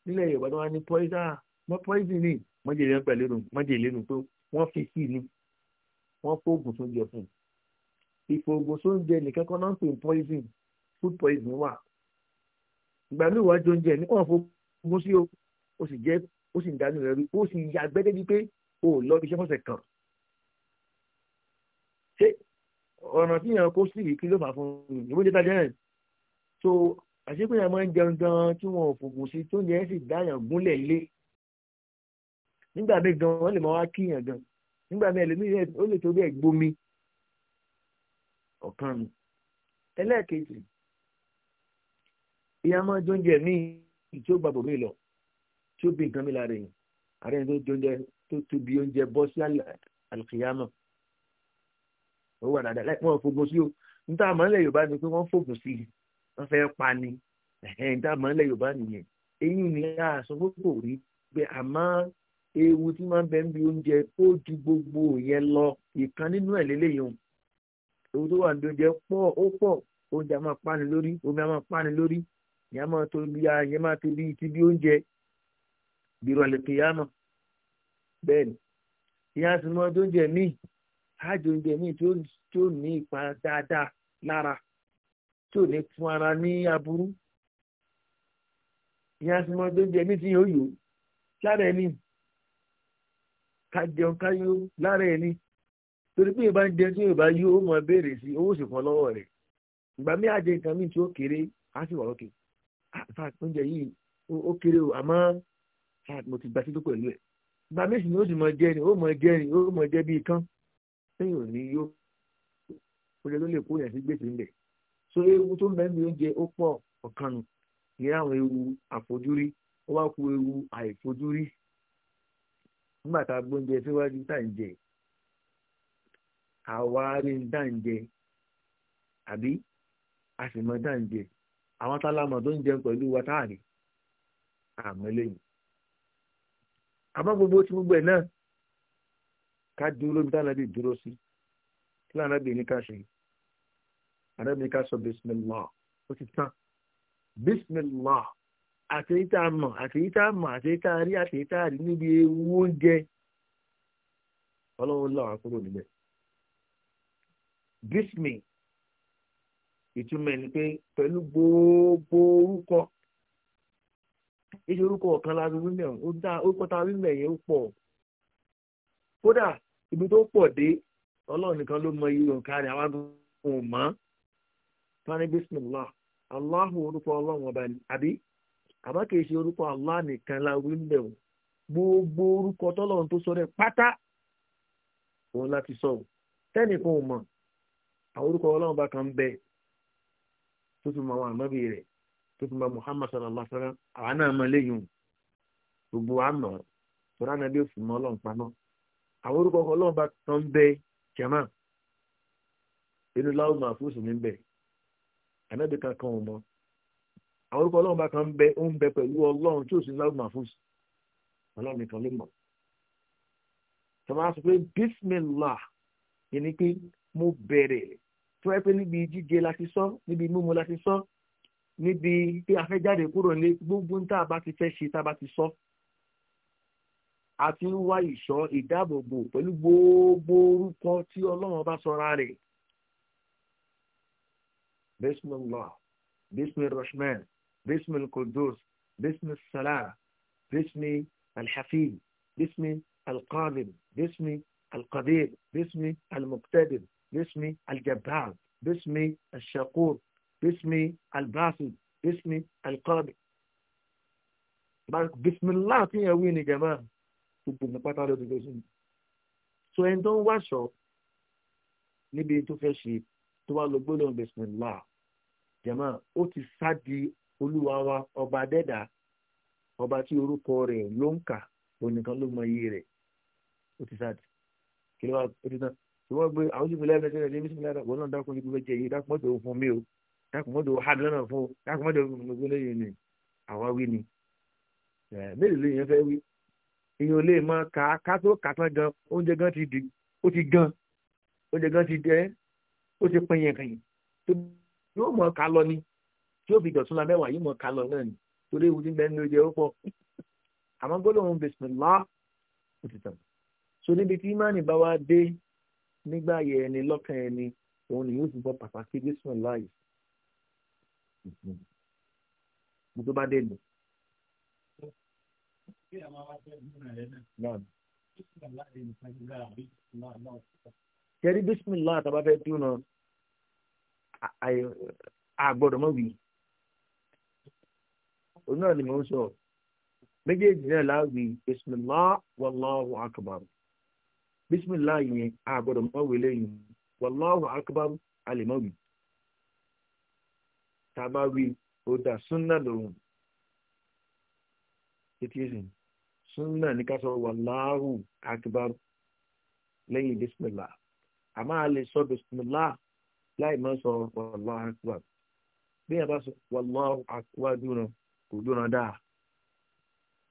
[SPEAKER 1] nílẹ̀ yorùbá tó wá ní poison mọ́ poison ní mọ́tẹ̀lé nù pẹ̀lú nù mọ́tẹ̀lé nù pé wọ́n fi sí ni wọ́n fóògùn tó jẹ fún un ìfòògùn tó ń jẹ nìkan kan náà ń pè poison food poison wà ìgbà míì wàá jọ oúnjẹ nípa fòògùn sí o ó sì jẹ ó sì ń dánú rẹ rí ó sì yà gbẹ́dẹ́ bíi pé o ò lọ ibi iṣẹ́ fọ́sẹ̀ kan ṣé ọ̀ràn tí yàn kó sí kí ló fà fún mi ìwé jẹ́ta jẹ́ rẹ̀ so àṣepé yàn máa ń jẹun gan tí wọn ò fòògùn sí tó ń jẹ́ sì dá gúnlẹ̀ lé nígbà míì gan wọ́n lè máa wá kíyàn gan nígbà míì ẹlòmíì ó lè torí ẹ̀ gbomi ọ̀kan mi ẹlẹ́ẹ̀kejì ìyá máa jóúnjẹ míì tí ó gbàgbọ́ mi lọ tí ó bí nǹkan mi lára yìí àárẹ̀ tó jóúnjẹ tó tóbi oúnjẹ bọ́ sí àlùkìyàmọ̀ ó wà dáadáa láì wọ́n fogun sí o níta àmọ́ ilẹ̀ Yorùbá ni pé wọ́n fògùn sí i wọ́n fẹ́ pa ni níta àmọ́ ilẹ̀ Yorùbá nìyẹn eyín ni a sọ pé kò rí pé àmọ́ ewu tí máa ń bẹ bi oúnjẹ ó ju gbogbo yẹn lọ ìkan nínú o ewu tó wà níbi oúnjẹ pọ ó pọ oúnjẹ a máa pani lórí omi a máa pani lórí ìyá máa tó bí a ìyá máa tó bí ti bí oúnjẹ bìrọ̀ àlèkè bẹ́ẹ̀ ni ìyá sì oúnjẹ míì ájò oúnjẹ míì tó ní ipa dáadáa lára tó ní fún ara ní aburú ká jẹun ká yó lára ẹ̀ ni torí pé ìbá ń jẹun tí ìbá yó ó mọ béèrè sí owó sì kan lọ́wọ́ rẹ̀ ìgbà mí àjẹ nǹkan míì tí ó kéré á sì wà lókè àfa ah, oúnjẹ yìí ó kéré o àmọ́ mo ti gba títú pẹ̀lú ẹ̀ ìgbà mí sì ni ó sì mọ jẹ ni ó mọ jẹ ni ó mọ jẹ bíi kán lẹ́yìn òní yó oúnjẹ ló lè kó yẹn sí gbèsè ńlẹ̀ so ewu tó mẹ́rin oúnjẹ ó pọ̀ ọ̀kan nù ìyẹn àwọn ewu àfojúrí ó wá ku ewu àìfojúrí nígbà tá a gbóúnjẹ síwájú tá à ń jẹ àwa rí ń dá ń jẹ àbí a sì mọ dá ń jẹ àwọn tálámọ tó ń jẹun pẹ̀lú wa táàrí àmọ́ lẹ́yìn àmọ́ gbogbo tí gbogbo ẹ̀ náà ká dúró lóbi táwọn ẹbí dúró sí kí láwọn ẹbí ní ká ṣe àrẹ́bí ká sọ bismillah ó ti tán bismillah. a mọ̀ àti èyí a mọ̀ rí rí níbi ewu oúnjẹ ọlọ́run làwọn kúrò níbẹ̀. bísmì ìtumọ̀ pé pẹ̀lú gbogbo orúkọ èyí orúkọ ọ̀kan láti wímẹ̀ orúkọ tá a wímẹ̀ yẹn ibi tó pọ̀ dé ọlọ́run nìkan ló mọ iye òǹkà rẹ̀ àwọn ma. mọ́ tani bísmì lọ aláhùn orúkọ ọlọ́run ọba àbí. àmọ́ kìí ṣe orúkọ Allah nìkan la wí ń bẹ̀ wọ́n gbogbo orúkọ tọ́lọ́run tó sọ rẹ̀ pátá òun láti sọ tẹ́nìkan ò mọ̀ àwọn orúkọ ọlọ́run bá kan ń tó fi mọ àwọn àmọ́bí rẹ̀ tó fi mọ Muhammad sallallahu alaihi àwọn náà mọ léyìn gbogbo àmọ́ bí ọlọ́run paná àwọn orúkọ kan àwọn orúkọ ọlọ́run bá kan ń bẹ ó ń bẹ pẹ̀lú ọlọ́run tí ò sí láwùjọ àfúnṣe ọlọ́run nìkan ló mọ̀ tọ́wọ́ á sọ pé bísímìlá ẹni pé mo bẹ̀rẹ̀ tó ẹ pé níbi jíjẹ la ti sọ níbi mímu la ti sọ níbi pé a fẹ́ jáde kúrò ní gbogbo ń tá a bá ti fẹ́ ṣe tá a bá ti sọ a ti ń wá ìṣọ́ ìdáàbòbò pẹ̀lú gbogbo orúkọ tí ọlọ́run bá sọra rẹ̀ bísímìlá bísímìlá rahman باسم القدوس باسم السلام باسم الحفيد باسم القادم باسم القدير باسم المقتدر باسم الجبار باسم الشقور باسم الباسط باسم القادر بسم الله tí yẹn wí ni jama gbogbo pátá ló ti fẹ́ sí so ẹni tó ń wáṣọ níbi tó fẹ́ ṣe tó wá lọ gbólóhùn bismillah jama olúwa wa ọba dẹ́dà ọba tí orúkọ rẹ̀ ló ń kà onìkan ló mọ iye rẹ̀ ó ti sáà kí ló wá ó ti tán tí wọ́n gbé àwọn ìjìnlẹ̀ ẹ̀rọ ṣẹlẹ̀ ní bísí lára wọn náà dákun ní gbígbẹ́ jẹ yìí dákun mọ́tò fún mi o dákun mọ́tò hàbí lọ́nà fún o dákun mọ́tò fún mi ni àwa wí ni mélòó lèèyàn fẹ́ wí èèyàn lè máa kà á ká tó kà tán gan oúnjẹ gan ti di ó ti gan oúnjẹ gan ti dẹ ó ti pin yẹn tó yóò mọ̀ ká lọ ni tí ó fi dọ̀tún la mẹ́wàá yìí mọ̀ ká lọ náà ni torí ewu ti ń bẹ nínú oúnjẹ ó pọ̀ àmọ́ gbólóhùn bisimilá ó ti tàn so níbi tí imáàni bá wá dé nígbà yẹ ẹni lọ́kàn ẹni òun ni yóò fi bọ́ pàtàkì bisimilá yìí mo tó bá dé nù. Jẹ́rí bísímìlá àtàbá fẹ́ dúnà àgbọ̀dọ̀ mọ́ wí òun náà ni mò ń sọ méjèèjì náà láàgbé bisimilá wàláhù akabaru bisimilá yẹn àgbọ̀dọ̀ mọ́wé lẹ́yìn wàláhù akabaru àlèmọ́wì tàbá wí ọ̀dà súnà lòun títí sìn súnà ní ká sọ wàláhù akabaru lẹ́yìn bisimilá àmọ́ a lè sọ bisimilá láì mọ́ sọ wàláhù akabaru bí a bá sọ wàláhù akabaru náà. kò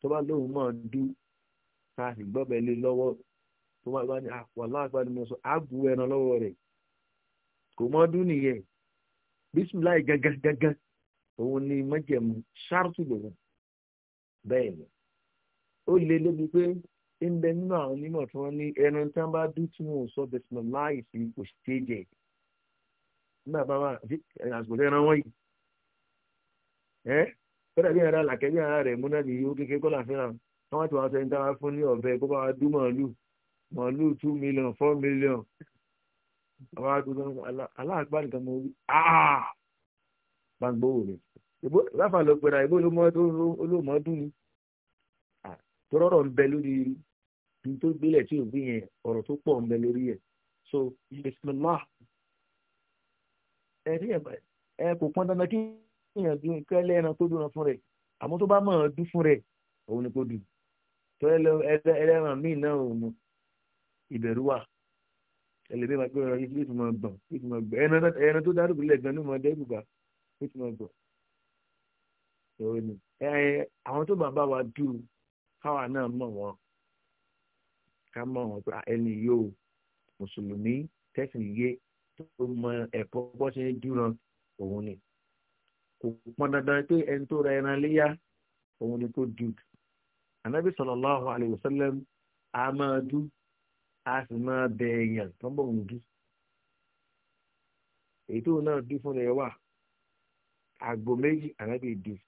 [SPEAKER 1] tó bá lóun máa dú ká sì gbọ́bẹ̀ lé lọ́wọ́ tó bá ní àpò ah, aláàgbá ni sọ ẹran lọ́wọ́ rẹ̀ kò mọ́ dún gangan òun ni mọ́jẹ̀mú ṣáàtù lòun bẹ́ẹ̀ ni ó lé lóbi pé ń bẹ nínú àwọn onímọ̀ tí wọ́n ní ẹnu tí wọ́n bá dún tí wọ́n sọ sí kódà bí ara làkẹ́ bí ara rẹ̀ múná ní owó kékeré kọ́ làfihàn wọn ti wá sọ ẹni tá a fún ní ọ̀bẹ kó bá wa dú màálù màálù two million four million àwọn àgbẹ̀dọ̀ aláàgbá nìkan mọ̀ wí gbàgbọ́ òní láfa lọ pẹ̀lú àìbó olómọ dún ni tọ́rọ̀rọ̀ ń bẹ lórí ní tó gbélẹ̀ tí ò gbé yẹn ọ̀rọ̀ tó pọ̀ ń bẹ lórí ẹ̀ so bismillah ẹ kò pọn dandan kí gbìyànjú nǹkan ẹlẹ́ran tó dúnra fún rẹ̀ àmọ́ tó bá máa dún fún rẹ̀ òun ni kò dùn tó ẹlẹ́ran míì náà òun ìbẹ̀rù wà ẹlẹ́dẹ́ máa gbé ọ̀rọ̀ yìí tó máa gbọ̀n tó máa gbọ̀n ẹran tó dárúkú lẹ̀ gan ló máa dẹ́rù bá tó máa gbọ̀n òun ni àwọn tó bàbá wa dùn káwa náà mọ̀ wọ́n ká mọ̀ wọ́n pé ẹni yóò mùsùlùmí tẹ̀sìn yé tó mọ ẹ̀kọ́ bọ́ ṣe òun ni kò pọn dandan pé ẹni tó ra ẹran léyà òun ni kò dùn ànábì sallallahu alaihi wasallam a máa dùn a sì máa bẹ èèyàn tó ń bọ̀ ń dùn èyí tó náà dùn fún ẹ wà àgbò méjì ànábì dùn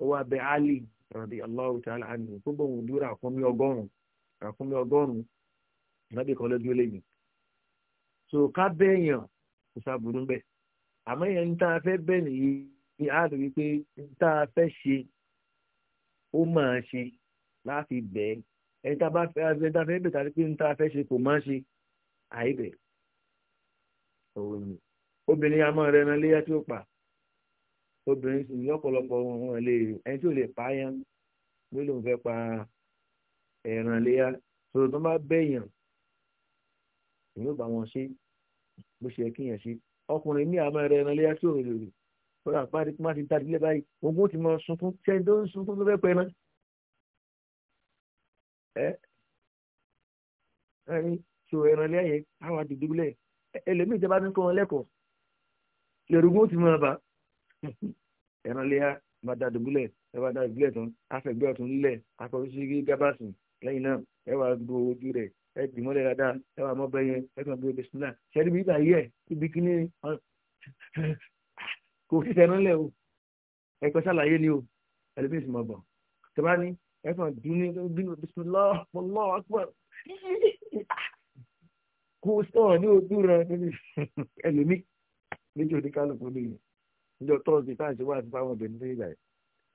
[SPEAKER 1] ó wá bẹ Ali radiyallahu ta'ala anhu tó ń bọ̀ ń dùn ràkúnmí ọgọ́rùn-ún ràkúnmí ọgọ́rùn-ún ànábì lẹ́yìn so ká bẹ èèyàn kò sábùrú bẹ́ẹ̀ àmọ́ yẹn ń tá a fẹ́ bẹ̀ nìyí ni a rí i pé ń tá a fẹ́ ṣe ó máa ṣe láti bẹ̀ ẹ́ ẹni tá a bá fẹ́ ẹni tá a fẹ́ bẹ̀ tàbí pé ń tá a fẹ́ ṣe kò máa ṣe àìbẹ̀ òun ni obìnrin àmọ́ rẹ̀ ẹran léyà tí ó pa obìnrin sì ní ọ̀pọ̀lọpọ̀ wọn lè ẹni tí ò lè pa yẹn ló lòun fẹ́ pa ẹran léyà sọ̀rọ̀ tó bá bẹ̀yàn ìyóò bá wọn ṣe bó ṣe kí ṣe ọkùnrin ní àmọ́ ẹ̀rọ ẹran léyà tí òun lè rè kódà pàdé má ti ta ìdílé báyìí ogún ti máa sunkún ṣẹ́ni tó ń sunkún tó fẹ́ pẹ́ <laughs> náà. ẹ ẹni tí òun ẹran léyà yẹn àwọn àdìdúgbìlẹ̀ ẹlòmíì ìjọba ní kó wọn lẹ́kọ̀ọ́ lẹ́rùgún ti máa bá ẹran léyà bá da dùgbìlẹ̀ ẹ tán afẹ́gbẹ́ ọ̀tún lílẹ̀ akọ̀wé ẹ dì mọ́lẹ̀ dáadáa ẹ wà mọ́ bẹ́yẹn ẹ kàn gbé bisimilá ṣẹ́ni bí ibà yẹ ibi kíní <laughs> kò sí tẹnu lẹ̀ o ẹ kọ́ sàlàyé ni o ẹlẹ́bí ìsìn mọ̀ tẹ́lá ní ẹ kàn dún ní bisimilá Allahu akbar kò sọ̀rọ̀ ní ojú rẹ <laughs> ẹlòmí méjì oníkálukú ní ìlú níjọ tọ́sí táǹsì wà fún àwọn obìnrin tó yíyà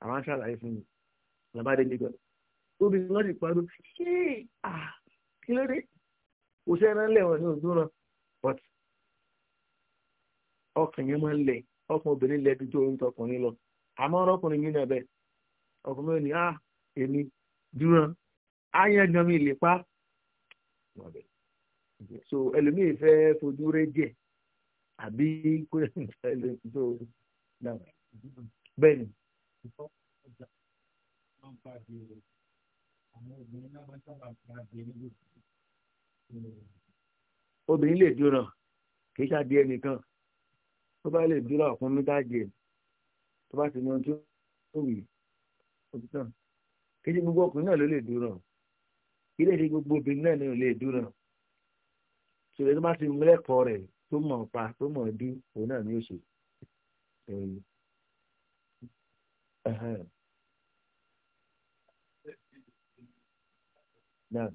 [SPEAKER 1] àwọn aṣáláyé fún mi làbá kí ló dé kò sí ẹran lẹ̀ but ọkàn yẹn máa ń lẹ̀ ọkàn obìnrin lẹ̀ dúdú orí tọkùnrin lọ àmọ́ ọkùnrin yìí nàbẹ̀ ọkùnrin ah, so ẹlòmíì fẹ́ fojú rẹ jẹ àbí kó ẹlòmíì tó bẹ́ẹ̀ ni àwọn obìnrin obìnrin lè dúró kì í ṣàdí ẹnìkan tó bá lè dúró ọ̀fun mi dájẹ́ tó bá ti mọ ohun wì í kì í ṣe gbogbo ọkùnrin náà ló lè dúró kì í lè ṣe gbogbo obìnrin náà ló lè dúró ṣòro tó bá ti mú lẹ́kọ̀ọ́ rẹ̀ tó mọ̀ pa tó mọ̀ dín òun náà ní òṣèlú náà.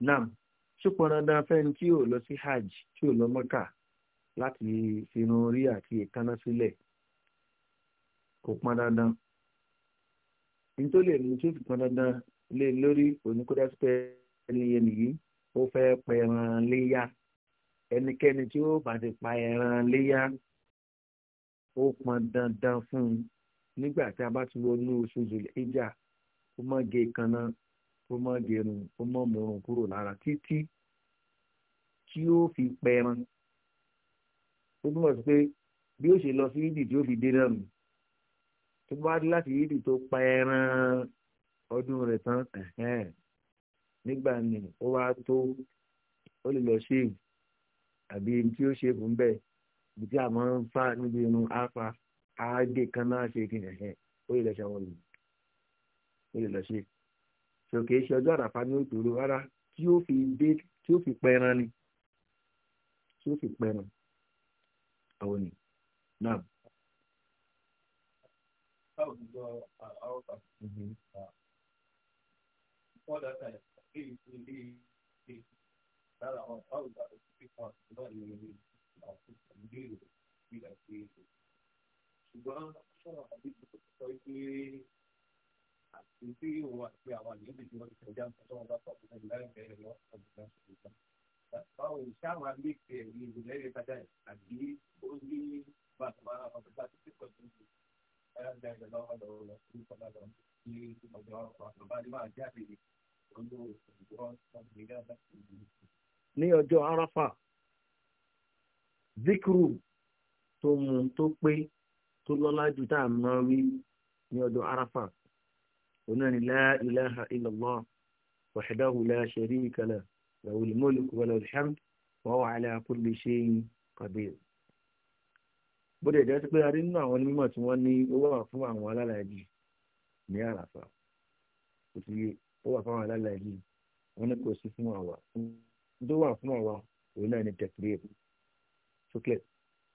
[SPEAKER 1] Nam, ṣùpọ̀n dandan fẹ́ni tí ò lọ sí Hajj tí ò lọ Mọ́kà láti fi irun orí àti ìkánná sílẹ̀ kò pọn dandan ní tó lè mú tí ó fi pọn dandan lé e lórí oníkódà pé ẹni yẹn nìyí ó fẹ́ pa ẹran léyà ẹnikẹ́ni tí ó bá ti pa ẹran léyà ó pọn dandan fún un nígbà tí a bá ti wọnú oṣù ìjà ó mọ gé kanna ó mọ gẹrun ó mọ mọrun kúrò lára títí tí ó fi pẹran ó túmọ̀ sí pé bí ó ṣe lọ sí ìdí tí ó fi dé náà nù tó bá dé láti yídì tó pa ẹran ọdún rẹ̀ tán nígbà ni ó wá tó ó lè lọ ṣe àbí tí ó ṣe fún bẹ́ẹ̀ ibi tí a máa ń fa níbi inú afa àádé kan náà ṣe kí ẹ̀hẹ́ ó lè lọ ṣe àwọn olùdó ó lè lọ ṣe ṣòkè ṣe ọjọ́ àràfà ní òtòrò rárá tí ó fi dé tí ó fi pẹran ni tí ó fi pẹran àwọn ni náà. Mm-hmm. Before that time, he will be that our how that is because not really our system deal with that creation. Ṣùgbọ́n ṣọ́nà àbí sọ pé àti tí òun àti àwọn àlejò tí wọ́n ti kọjá ń sọ́nà bá pàtó náà láì bẹ̀rẹ̀ lọ ọ̀gbìn náà ṣe ìgbà ní ọjọ́ arafa zikiru tó mú tó pé tó lọ́lá jù tá a máa wí ní ọjọ́ arafa onáni la ilaha illallah wahdahu la sharika lahu lahul mulku wa lahul hamd wa huwa ala kulli shay'in qadir bó dẹ̀ jẹ́ sí pé a rí nínú àwọn onímọ̀ tí wọ́n ní ó wà fún àwọn alálàájì ní àràfà kò sí ó wà fún àwọn alálàájì wọ́n ní kò sí fún àwa tó wà fún àwa òun náà ní tẹ̀sílẹ̀ sókè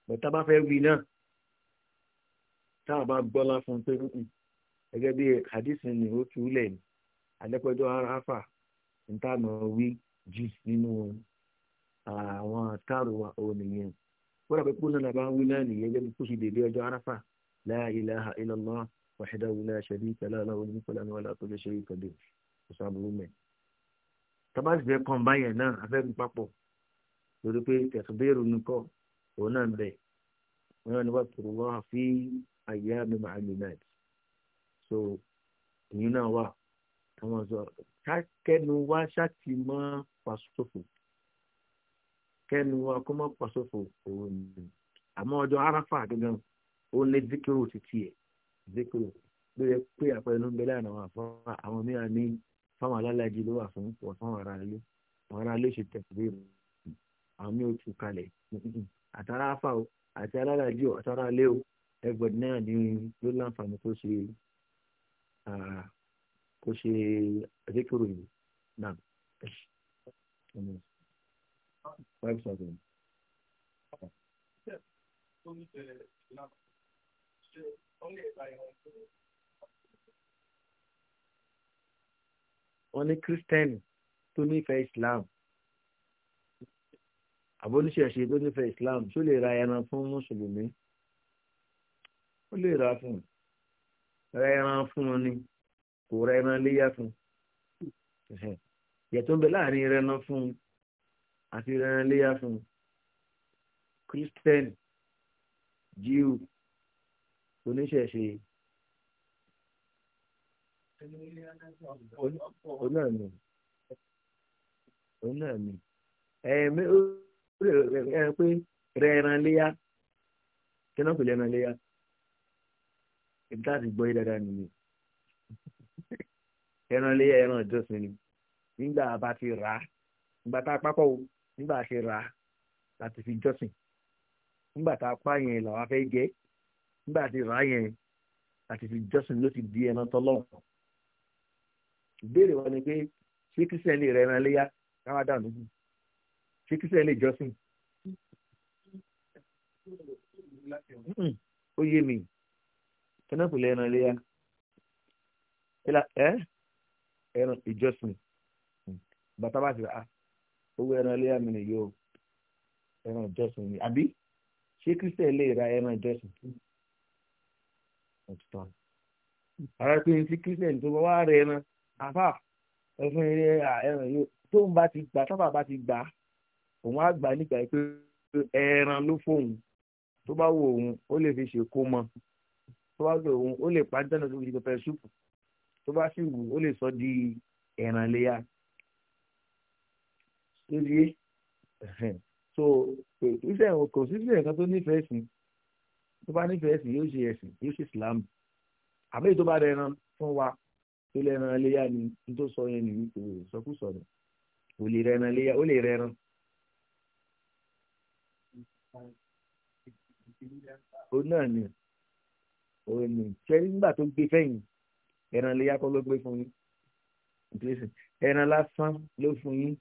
[SPEAKER 1] bọ̀tá bá fẹ́ wí náà tá a bá gbọ́lá fún pé gẹ́gẹ́ bí hadisi ni ó tú lẹ̀ ní adẹ́pẹ́jọ́ aráfà ń tà mọ́ wí jù nínú ah, àwọn àtàrò òun nìyẹn wọ́n rà pé kúnlẹ̀ làbá ń wí náà nìyẹn jẹ́ kó sì dèdè ọjọ́ aráfà la ilaha illallah wahdahu la sharika lahu lahul mulku wa lahu kullu shay'in qadir ìṣàbùrù mẹ́. tábà sì fẹ́ kàn báyẹn náà afẹ́ mi papọ̀ lórí pé tẹ̀síbẹ́rù nìkọ́ òun náà bẹ̀ wọ́n yàn ní wà tó wá fi ayyamin ma'lumat so ìyún náà wà àwọn sọ kákẹ́nu wá ṣáàtì mọ́ pàṣẹ kẹ́nu wa kó mọ́ pọ̀ sófò òun ni àmọ́ ọjọ́ arafa gangan ó lé zikiru títí ẹ̀ zikiru ló yẹ pé àpẹẹrẹ ló ń bẹ láàrin àwọn àfọ àwọn mìíràn ní fáwọn alálàájì ló wà fún pọ̀ fáwọn ará ilé àwọn ará ilé ṣe tẹ̀síbẹ̀rù àwọn mi ò tù kalẹ̀ àtàrà afa o àti alálàájì o àtàrà ilé o everybody náà ní ló láǹfààní tó ṣe kó ṣe zikiru yìí náà five thousand. wọ́n ní kírísítẹ́nì tó nífẹ̀ẹ́ islam àbóníṣẹ̀ṣe tó nífẹ̀ẹ́ islam tó lè ra ẹran fún mùsùlùmí ó lè ra fún ra ẹran fún wọn ni kò ra ẹran léyà fún yẹtọ ń bẹ láàrin ẹran fún àti rẹran léyà fún kírísítẹ́nì Jew, oníṣẹ̀ṣe onáàmì onáàmì ẹ̀ẹ̀mí ó rẹ̀ pé rẹran léyà kí náà kò lè rẹran léyà ibi tá a ti gbọ́ yí dáadáa nìyí ẹran léyà ẹran ìjọsìn ni nígbà bá ti rà á ìgbà tá a pápọ̀ o nígbà ṣe ra láti fi jọ́sìn nígbà tá a pa yẹn làwọn afẹ́ jẹ nígbà tí ra yẹn láti fi jọ́sìn ló ti di ẹ̀nà tọ́lọ́run ìbéèrè wọn ni pé ṣé kristian lè rẹ ẹran léyà káwá dànù jù ṣé kristian lè jọ́sìn. ó yé mi kẹ́nàpù lè ẹran léyà ẹ ẹran ìjọ́sìn bàtà bá ti rà á owó ẹran ilé àmì nìyó ẹran ìjọsìn ni àbí ṣé kírísítẹ̀ lè ra ẹran ìjọsìn fún ọ̀tútọ́ ara pé tí kírísítẹ̀ tó bá wá rẹ ẹran afá ẹfún ilé ẹran yìí tó ń bá ti gbà sábà bá ti gbà òun á gbà nígbà pé ẹran ló fóun tó bá wo òun ó lè fi ṣe kó mọ tó bá wo òun ó lè pa tó fi ṣe pẹpẹ súpù tó bá sì wù ó lè sọ di ẹran léyà lórí yé so iṣẹ́ kò sí sílẹ̀ kan tó nífẹ̀ẹ́ sí tó bá nífẹ̀ẹ́ sí yóò ṣe ẹ̀sìn yóò ṣe ìsìlámù àbí tó bá dẹran fún wa tó lè ran léyà ni n tó sọ yẹn nìyí kò sọkúsọ ni kò lè rẹran léyà ó lè rẹran. o náà ni o ní ṣe nígbà tó gbé fẹ́yìn ẹran léyà kọ́ ló gbé fún yín ẹran lásán ló fún yín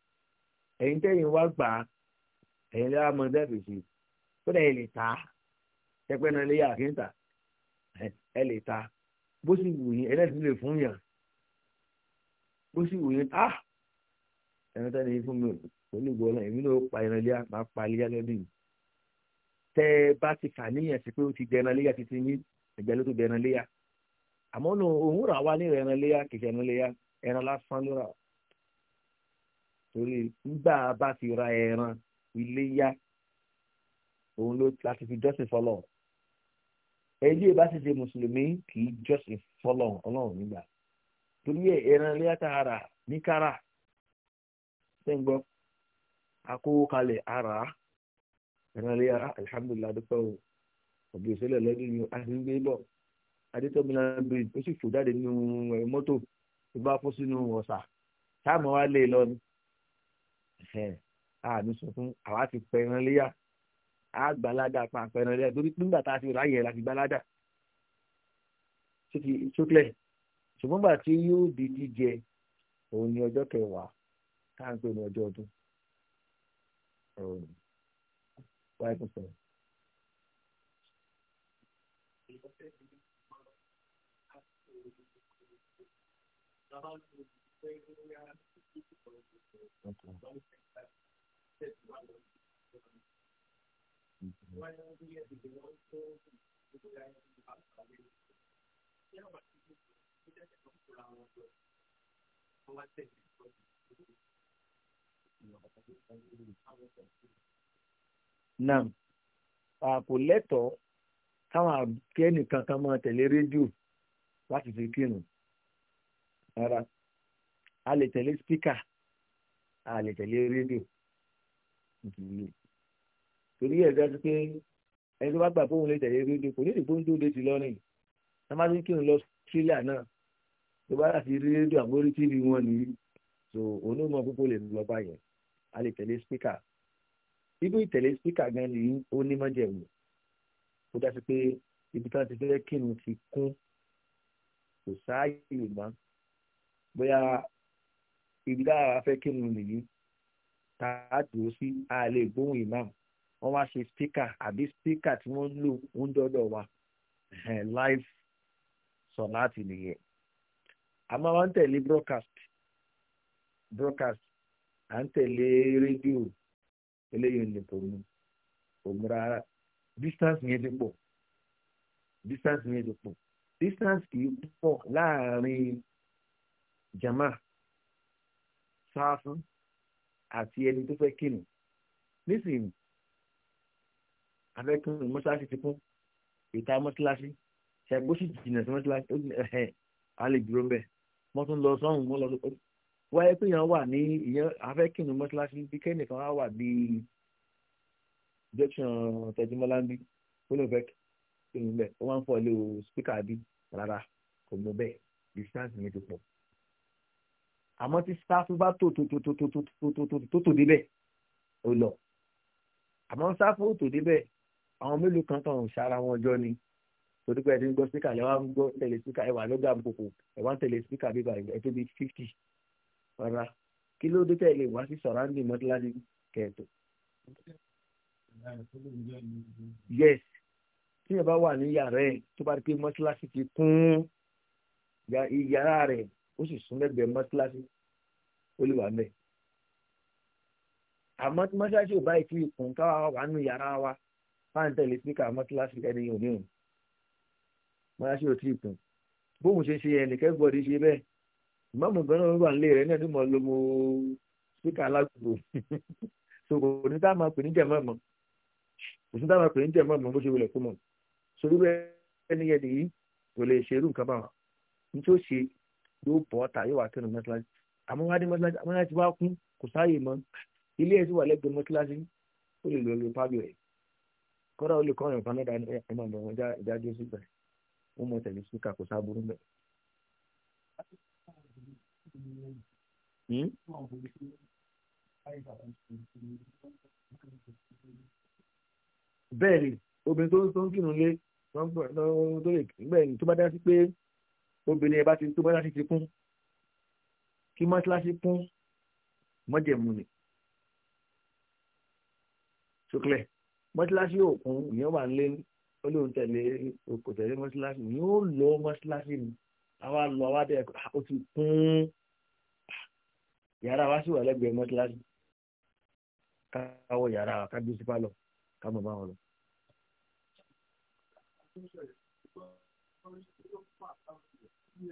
[SPEAKER 1] ẹ̀yin tẹ́yìn wá gbà á ẹ̀yin lè mọ dẹ́bi sí kódà ẹ lè ta ẹgbẹ́ náà lè yà kí n ta ẹ lè ta bó sì wù yín ẹlẹ́sìn lè fún yàn bó sì wù yín ah ẹ̀yin tẹ́ni fún mi onígbọ́ náà èmi náà pa ẹran léyà máa pa léyà lọ́dún yìí tẹ́ ẹ bá ti kà níyàn sí pé ó ti dẹran léyà títí yín ẹgbẹ́ ló tó dẹran léyà àmọ́ òun rà wá ní ẹran léyà kìí ṣe ẹran léyà ẹran lásán ló rà wá torí nígbà bá ti ra ẹran iléyá òun ló láti fi jọ́sìn fọlọ́ ẹjọ́ ìbá ti ṣe mùsùlùmí kì í jọ́sìn fọlọ́ ọlọ́run nígbà torí ẹ ẹran iléyá tá a rà ní kára sẹ́ńgbọ́ akówó kalẹ̀ ara ẹran iléyá alihamudulilayi adúpẹ́ o ọ̀gbìn ìṣẹ̀lẹ̀ lọ́dún yìí a ti ń gbé bọ̀ adétọ́mìnà bíi ó sì fò jáde nínú mọ́tò tó bá fún sínú ọ̀sà táàmù wa lè e lọ ni àmì sunkún àwa ti pẹran léyà àgbàládà pa àpẹran léyà torí nígbà tá a ti ráyè láti gbàládà sókè ṣùgbọ́n gbà tí yóò di jíjẹ òun ni ọjọ́ kẹwàá tá à ń pè ní ọjọ́ ọdún. Thank you. Nam, àpò lẹ́tọ̀ọ́ káwọn akẹ́ni kankan máa tẹ̀lé rédíò láti fi kírun. Rárá, a lè tẹ̀lé spíkà a lè tẹ̀lé rédíò ìdílé torí ẹ̀ dájú pé ẹni tó bá gbà fóun lè tẹ̀lé rédíò kò ní ìdìbò ń dóde ti lọ́rìn tá má ti ń kírun lọ sílẹ̀ náà tó bá láti rí rédíò àgbórí tíìbì wọn nìyí so onímọ̀ púpọ̀ lè lọ bá yẹn a lè tẹ̀lé spíkà ibi ìtẹ̀lé spíkà gan ni ó ní mọ́jẹ̀wò ó dá sí pé ibi tí wọ́n ti fẹ́ kírun ti kún kò sáàyè mọ́ bóyá ibi dára fẹ́ ni nìyí tá a dúró sí a lè gbóhùn imam wọ́n wá ṣe spíkà àbí spíkà tí wọ́n ń lò ń dọ́dọ̀ wa live sọ̀láàtì nìyẹn a máa ń tẹ̀lé broadcast broadcast à ń tẹ̀lé rédíò eléyìí ní tòun òun rárá distance yẹn ti pọ̀ distance yẹn ti pọ̀ distance kì í pọ̀ láàrin jama sáfún àti ẹni tó fẹ́ kírun nísìnyí abẹ́kùnrin mọ́ṣáláṣí ti kún ìta mọ́ṣáláṣí ṣàgbó sì jìnnà sí mọ́ṣáláṣí ó ní ẹ̀hẹ́ a lè dúró mbẹ́ wọ́n tún lọ sọ́hùn wọ́n lọ sọ́hùn wáyé pé èèyàn wà ní ìyẹn abẹ́kùnrin mọ́ṣáláṣí bí kẹ́nìkan á wà bí junction tẹ̀júmọ́láńbí ó lè fẹ́ kírun mbẹ́ ó máa ń fọ́ ilé o spíkà bí rárá kò mọ bẹ́ẹ̀ distance mi ti pọ̀ àmọ́ tí sáfù bá tò tò tò tò tò tò tò tò tò débẹ̀ ò lọ àmọ́ sáfù tò débẹ̀ àwọn mélòó kan tàn ń ṣara wọn jọ ni torí pé ẹni ń gbọ́ síkà lẹ́wà ń gbọ́ tẹ̀lé síkà ẹ̀wà lọ́gà àbùkù ẹ̀wà ń tẹ̀lé síkà bíbà ẹ̀ tó bí fifty rárá kí ló dé tẹ̀lé wá sí sọ̀ráǹdì mọ́tíláṣí kẹ̀ẹ́tọ̀. yes tí yẹn bá wà ní yàrá ẹ̀ tó bá rí pé mọ́tíláṣí ti kún yàrá rẹ̀ ó sì sún lẹ́gbẹ̀ẹ́ mọ́síláṣí ó lè wà mẹ́. àmọ́ tí mọ́síláṣí ò báyìí tí ikùn káwa wà nù yàrá wa fáwọn tẹ̀lé síkà mọ́síláṣí ẹni òní òní mọ́síláṣí ò tí ikùn bóun ṣe ṣe ẹnì kẹ́gbọ́dé ṣe bẹ́ẹ̀ mọ́mù gan-an ló wà nílé rẹ̀ <laughs> ní ẹni mọ̀ ló mo síkà alágbò sòkò ní táwọn máa pè ní jẹ̀mọ́ mọ́ òsùn táwọn máa pè ní jẹ̀mọ́ mọ́ bó ṣe wọlé fún mọ́ sórí bẹ́ẹ̀ ẹni yẹn nìyí kò lè ṣerú nǹkan báwọn ní tí ó ṣe yóò bọ́ ọ̀tà yóò wá kẹrin mọ́ṣáláṣí àmọ́ wá dé mọ́ṣáláṣí àmọ́ láti wá kún kò sáàyè mọ́ ilé ẹ̀ sì wà lẹ́gbẹ̀ẹ́ mọ́ṣáláṣí ó lè lọ lè pálọ̀ ẹ̀ kọ́dà ó lè kọ́ ọ̀rìn kan náà dání ẹ̀ máa bọ̀ wọn jáde sígbà wọn mọ̀ tẹ̀lé síkà kò sáàbùrú mẹ́. Hmm? bẹ́ẹ̀ ni obìnrin tó ń kírun lé tó lè bẹ́ẹ̀ ni tó bá dá sí pé obìnrin ẹ bá ti tó mọ́ṣáláṣí ti kún kí mọ́ṣáláṣí kún mọ́jẹ̀mú ni ṣókèlè mọ́ṣáláṣí òkun ìyẹn wà nílé olóhùn tẹ̀lé kò tẹ̀lé mọ́ṣáláṣí ìyẹn ó lọ mọ́ṣáláṣí ni àwa lọ àwa dẹ̀ ó ti kún yàrá wa sì wà lẹ́gbẹ̀ẹ́ mọ́ṣáláṣí káwọ yàrá wa ká sípà lọ ká bá wọn lọ àwọn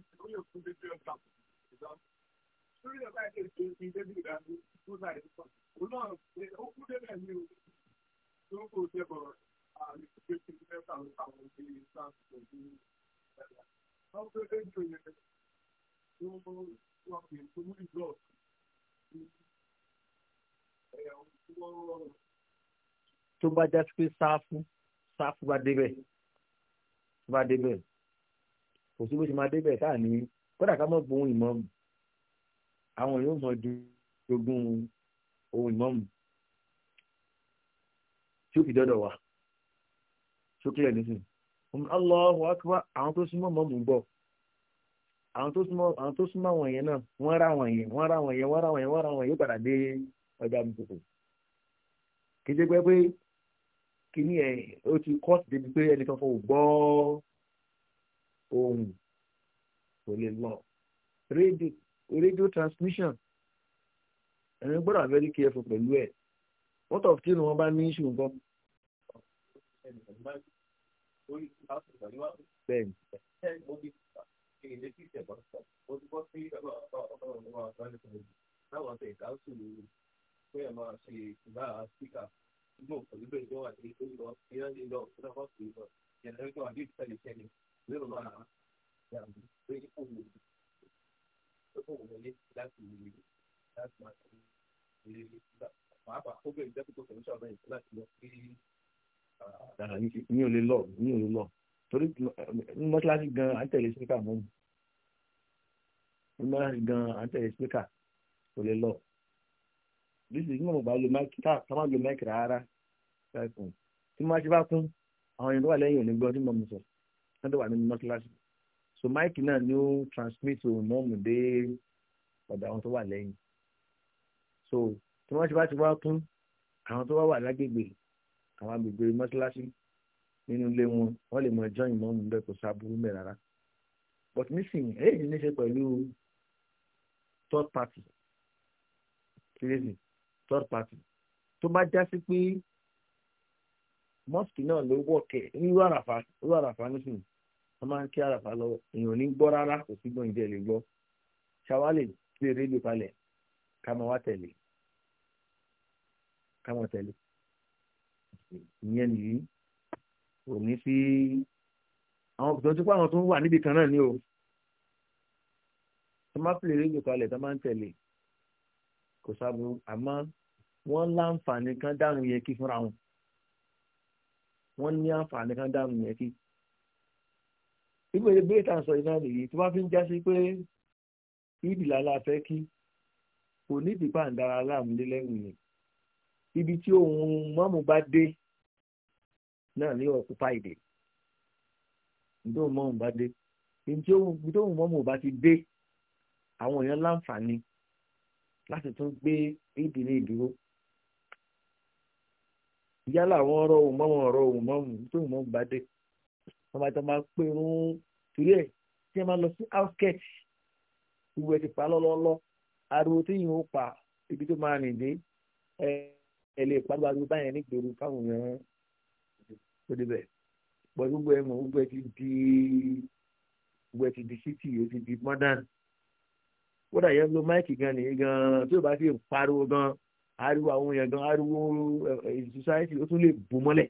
[SPEAKER 1] akẹ́kọ̀ọ́ lórí ìjọba ẹ̀ ṣe ṣe ṣe ṣe bí ìdá tó sáré sọ òun náà ó kú débẹ̀ ní o tó kò ṣe bá já pé sáfù sáfù bá débẹ̀ bá débẹ̀ kò sí bó ṣe máa débẹ̀ táà ní kódà ká mọ̀ gbóhùn ìmọ̀ ọ̀hún àwọn yóò mọ jogún ohun ìmọ̀mù tí ó fi dọ́dọ̀ wá sókè nísìn Allahu akbar àwọn tó súnmọ́ mọ́mù gbọ́ àwọn tó súnmọ́ àwọn yẹn náà wọ́n rà wọ̀n yẹn wọ́n rà wọ̀n yẹn wọ́n rà wọ̀n yẹn wọ́n rà wọ̀n yẹn yóò padà dé ọjà àbùkù kéde pé pé kíní ẹ̀ ó ti kọ́ọ̀tù débi pé ẹnì kan gbọ́ ohun kò lè lọ rédíò radio transmission ẹ̀rín gbọ́dọ̀ very careful pẹ̀lú ẹ̀ what of tí wọ́n bá ní issue nǹkan. bẹ́ẹ̀ni láwọn ọ̀sẹ̀ ìdáhùsù pé ẹ̀ máa ìgbà ní ìtẹ́lẹ̀ tẹ́lẹ̀ lérò máa tó kò wọlé láti wọlé láti máa tó wọlé pàápàá ó bẹ̀rẹ̀ jẹ́ pé kò tẹ̀lé ṣàbẹ̀ yìí láti lọ sí. mi ò lè lọ mi ò lè lọ torí mọ́ṣáláṣí gan-an à ń tẹ̀lé sípíkà mọ́ mi mọ́ṣáláṣí gan-an à ń tẹ̀lé sípíkà kò lè lọ bísí ní ọ̀gbà lo máìkì tá a máa lo máìkì rárá tí máa ṣe bá kún àwọn ènìyàn tó wà lẹ́yìn òní gbọ́ tí mo mú sọ wọ́n tó wà nínú mọ́ṣáláṣí so máìkì náà ni ó transmit òmọ́ọ̀mù dé ọ̀dọ̀ àwọn tó wà lẹ́yìn so tí wọ́n ti bá ti wá kún àwọn tó wá wà lágbègbè àwọn agbègbè mọ́ṣáláṣí nínú ilé wọn wọ́n lè mọ ẹjọ́ ìmọ̀ọ́mù bẹ́ẹ̀ kò sábúrú mẹ́ rárá but nísìnyí èyí ní í ṣe pẹ̀lú third party crazy third party tó bá já sí pé mosque náà ló wọ̀ kẹ̀ ní ìlú àràfà ìlú àràfà nísìnyí wọ́n máa ń kí àràfà lọ́wọ́ èèyàn ò ní gbọ́ rárá kò sí gbọ́n ìjẹ́ lè gbọ́ ṣáwá lè gbé rédíò palẹ̀ ká máa wá tẹ̀lé ká máa tẹ̀lé ìyẹn nìyí kò ní sí àwọn òkùtàn tó pa àwọn tó wà níbi kan náà ni o tó máa pèlè rédíò palẹ̀ tó máa ń tẹ̀lé kò sábò àmọ́ wọ́n láǹfààní kan dáhùn yẹn kí fúnra wọn wọ́n ní àǹfààní kan dáhùn yẹn kí irú ebí ètò àǹsọ iná nìyí tí wọ́n fi ń jásí pé ìdì lálá fẹ́ kí kò ní ìdìpá àǹdára aláàmúlé lẹ́yìn ni ibi tí ohun mọ́mú bá dé náà ní ọ̀pọ̀pá ìdè ìdí ohun mọ́mú bá dé ibi tí ohun mọ́mú bá ti dé àwọn èèyàn láǹfààní láti tún gbé ìdì ní ìdúró yálà àwọn ọ̀rọ̀ ohun mọ́mú ọ̀rọ̀ ohun mọ́mú tó ohun mọ́mú bá dé tọ́ba tó máa pé irun torí ẹ̀ tí wọ́n máa lọ sí outskirt ìwé ti pa lọ́lọ́lọ́ ariwo tí yìí ń pa ibi tó máa rìn dé ẹ ẹ lè pa ariwo báyẹn nígboro fáwọn èèyàn tó débẹ̀ pọ̀ gbogbo ẹ̀ mọ̀ gbogbo ẹ̀ ti di gbogbo ẹ̀ ti di city ó ti di modern kódà yẹn lo máìkì gan nìyí gan tí o bá fi pariwo gan ariwo àwọn èèyàn gan ariwo society ó tún lè bù mọ́lẹ̀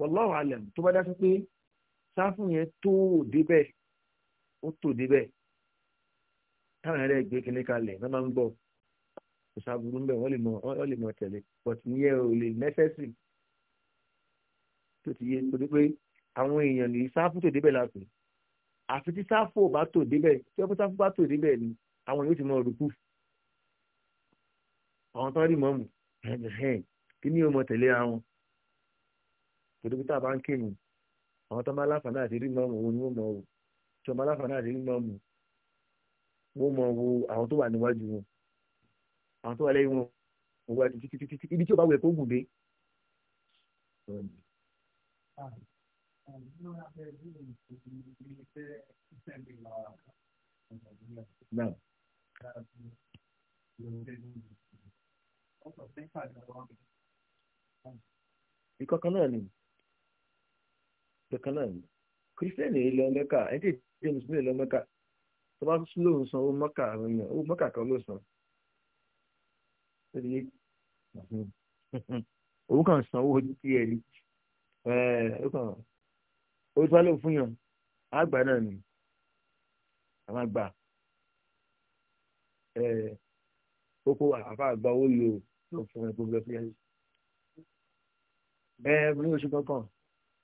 [SPEAKER 1] wallahu alam tó bá dájú pé sáfù yẹn tó débẹ̀ ó tó débẹ̀ táwọn ẹ̀rẹ́ gbé kínní kalẹ̀ náà máa ń gbọ́ kò sábúrú ń bẹ̀ wọ́n lè mọ wọ́n lè mọ tẹ̀lé but ìyẹn ò lè nẹ́fẹ̀sì tó ti yé torí pé àwọn èèyàn ní sáfù tó débẹ̀ la pè àfi tí sáfù bá tó débẹ̀ tí ọkùnrin sáfù bá tó débẹ̀ ni àwọn yóò ti mọ rúkú àwọn tó rí mọ́mù kí ni yóò mọ tẹ̀lé àwọn torí pé tá a bá ń kírun àwọn tó máa láǹfààní àti rí mọ́mù òun ni wọ́n mọ̀ ọ́ tó máa láǹfààní àti rí mọ́mù wọ́n mọ̀ wo àwọn tó wà níwájú wọn àwọn tó wà lẹ́yìn wọn wọ́n wá títí títí títí ibi tí ó bá wẹ̀ kó gùn dé. Now. ni kankan náà ni kírísítẹ́nì yìí lọ mẹ́kà ẹni tí ìdílé mùsùlùmí lọ mẹ́kà tó bá tún lóun san owó mẹ́kà àwọn èèyàn owó mẹ́kà kan ló san <laughs> òun kàn san owó ojú tí e. ẹ ní ó kàn ó tó wá lóun fún yàn àgbà náà ni àwọn àgbà kókó àfa àgbà owó yìí ó lọ fún ẹ gbogbo ẹ fi ẹ ẹ ní oṣù kankan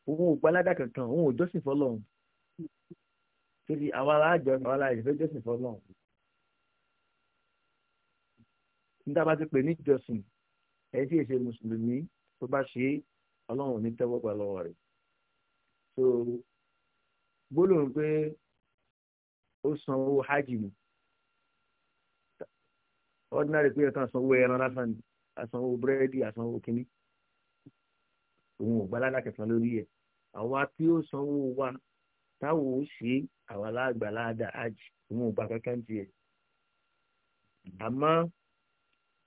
[SPEAKER 1] òun ò gbalada kankan òun ò jọ́sìn fọlọ́run torí àwa aláàjọ àwa aláàjọ fẹ́ jọ́sìn fọlọ́run níta bá ti pè ní jọ́sìn ẹ̀ tí èsè mùsùlùmí tó bá ṣe ọlọ́run ní tẹ́wọ́ gbà lọ́wọ́ rẹ̀ so gbólóhùn pé ó san owó hajj ni ordinary pé ẹ̀ka sanwó ẹran lásán ni asanwó búrẹ́dì asanwó kínní òun ò gbalada kankan lórí ẹ̀ àwa tí ó sanwó wa táwọn ò ṣe àwa láàgbà láàdá àjì òun ò gba kankan tiẹ̀ àmọ́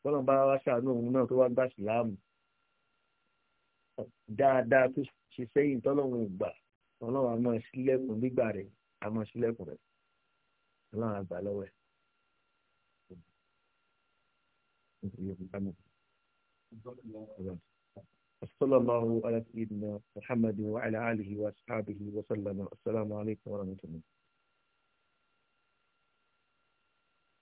[SPEAKER 1] bọ́lá bá wá ṣàánú òun náà tó wá gbà síláàmù dáadáa tó ṣe sẹ́yìn tọ́lọ́run ìgbà ọlọ́run àmọ́ sílẹ̀kùn gbígbà rẹ̀ àmọ́ sílẹ̀kùn rẹ̀ ọlọ́run àgbà lọ́wọ́ Thank you. وصلى الله على سيدنا محمد وعلى آله وأصحابه وسلم السلام عليكم ورحمة الله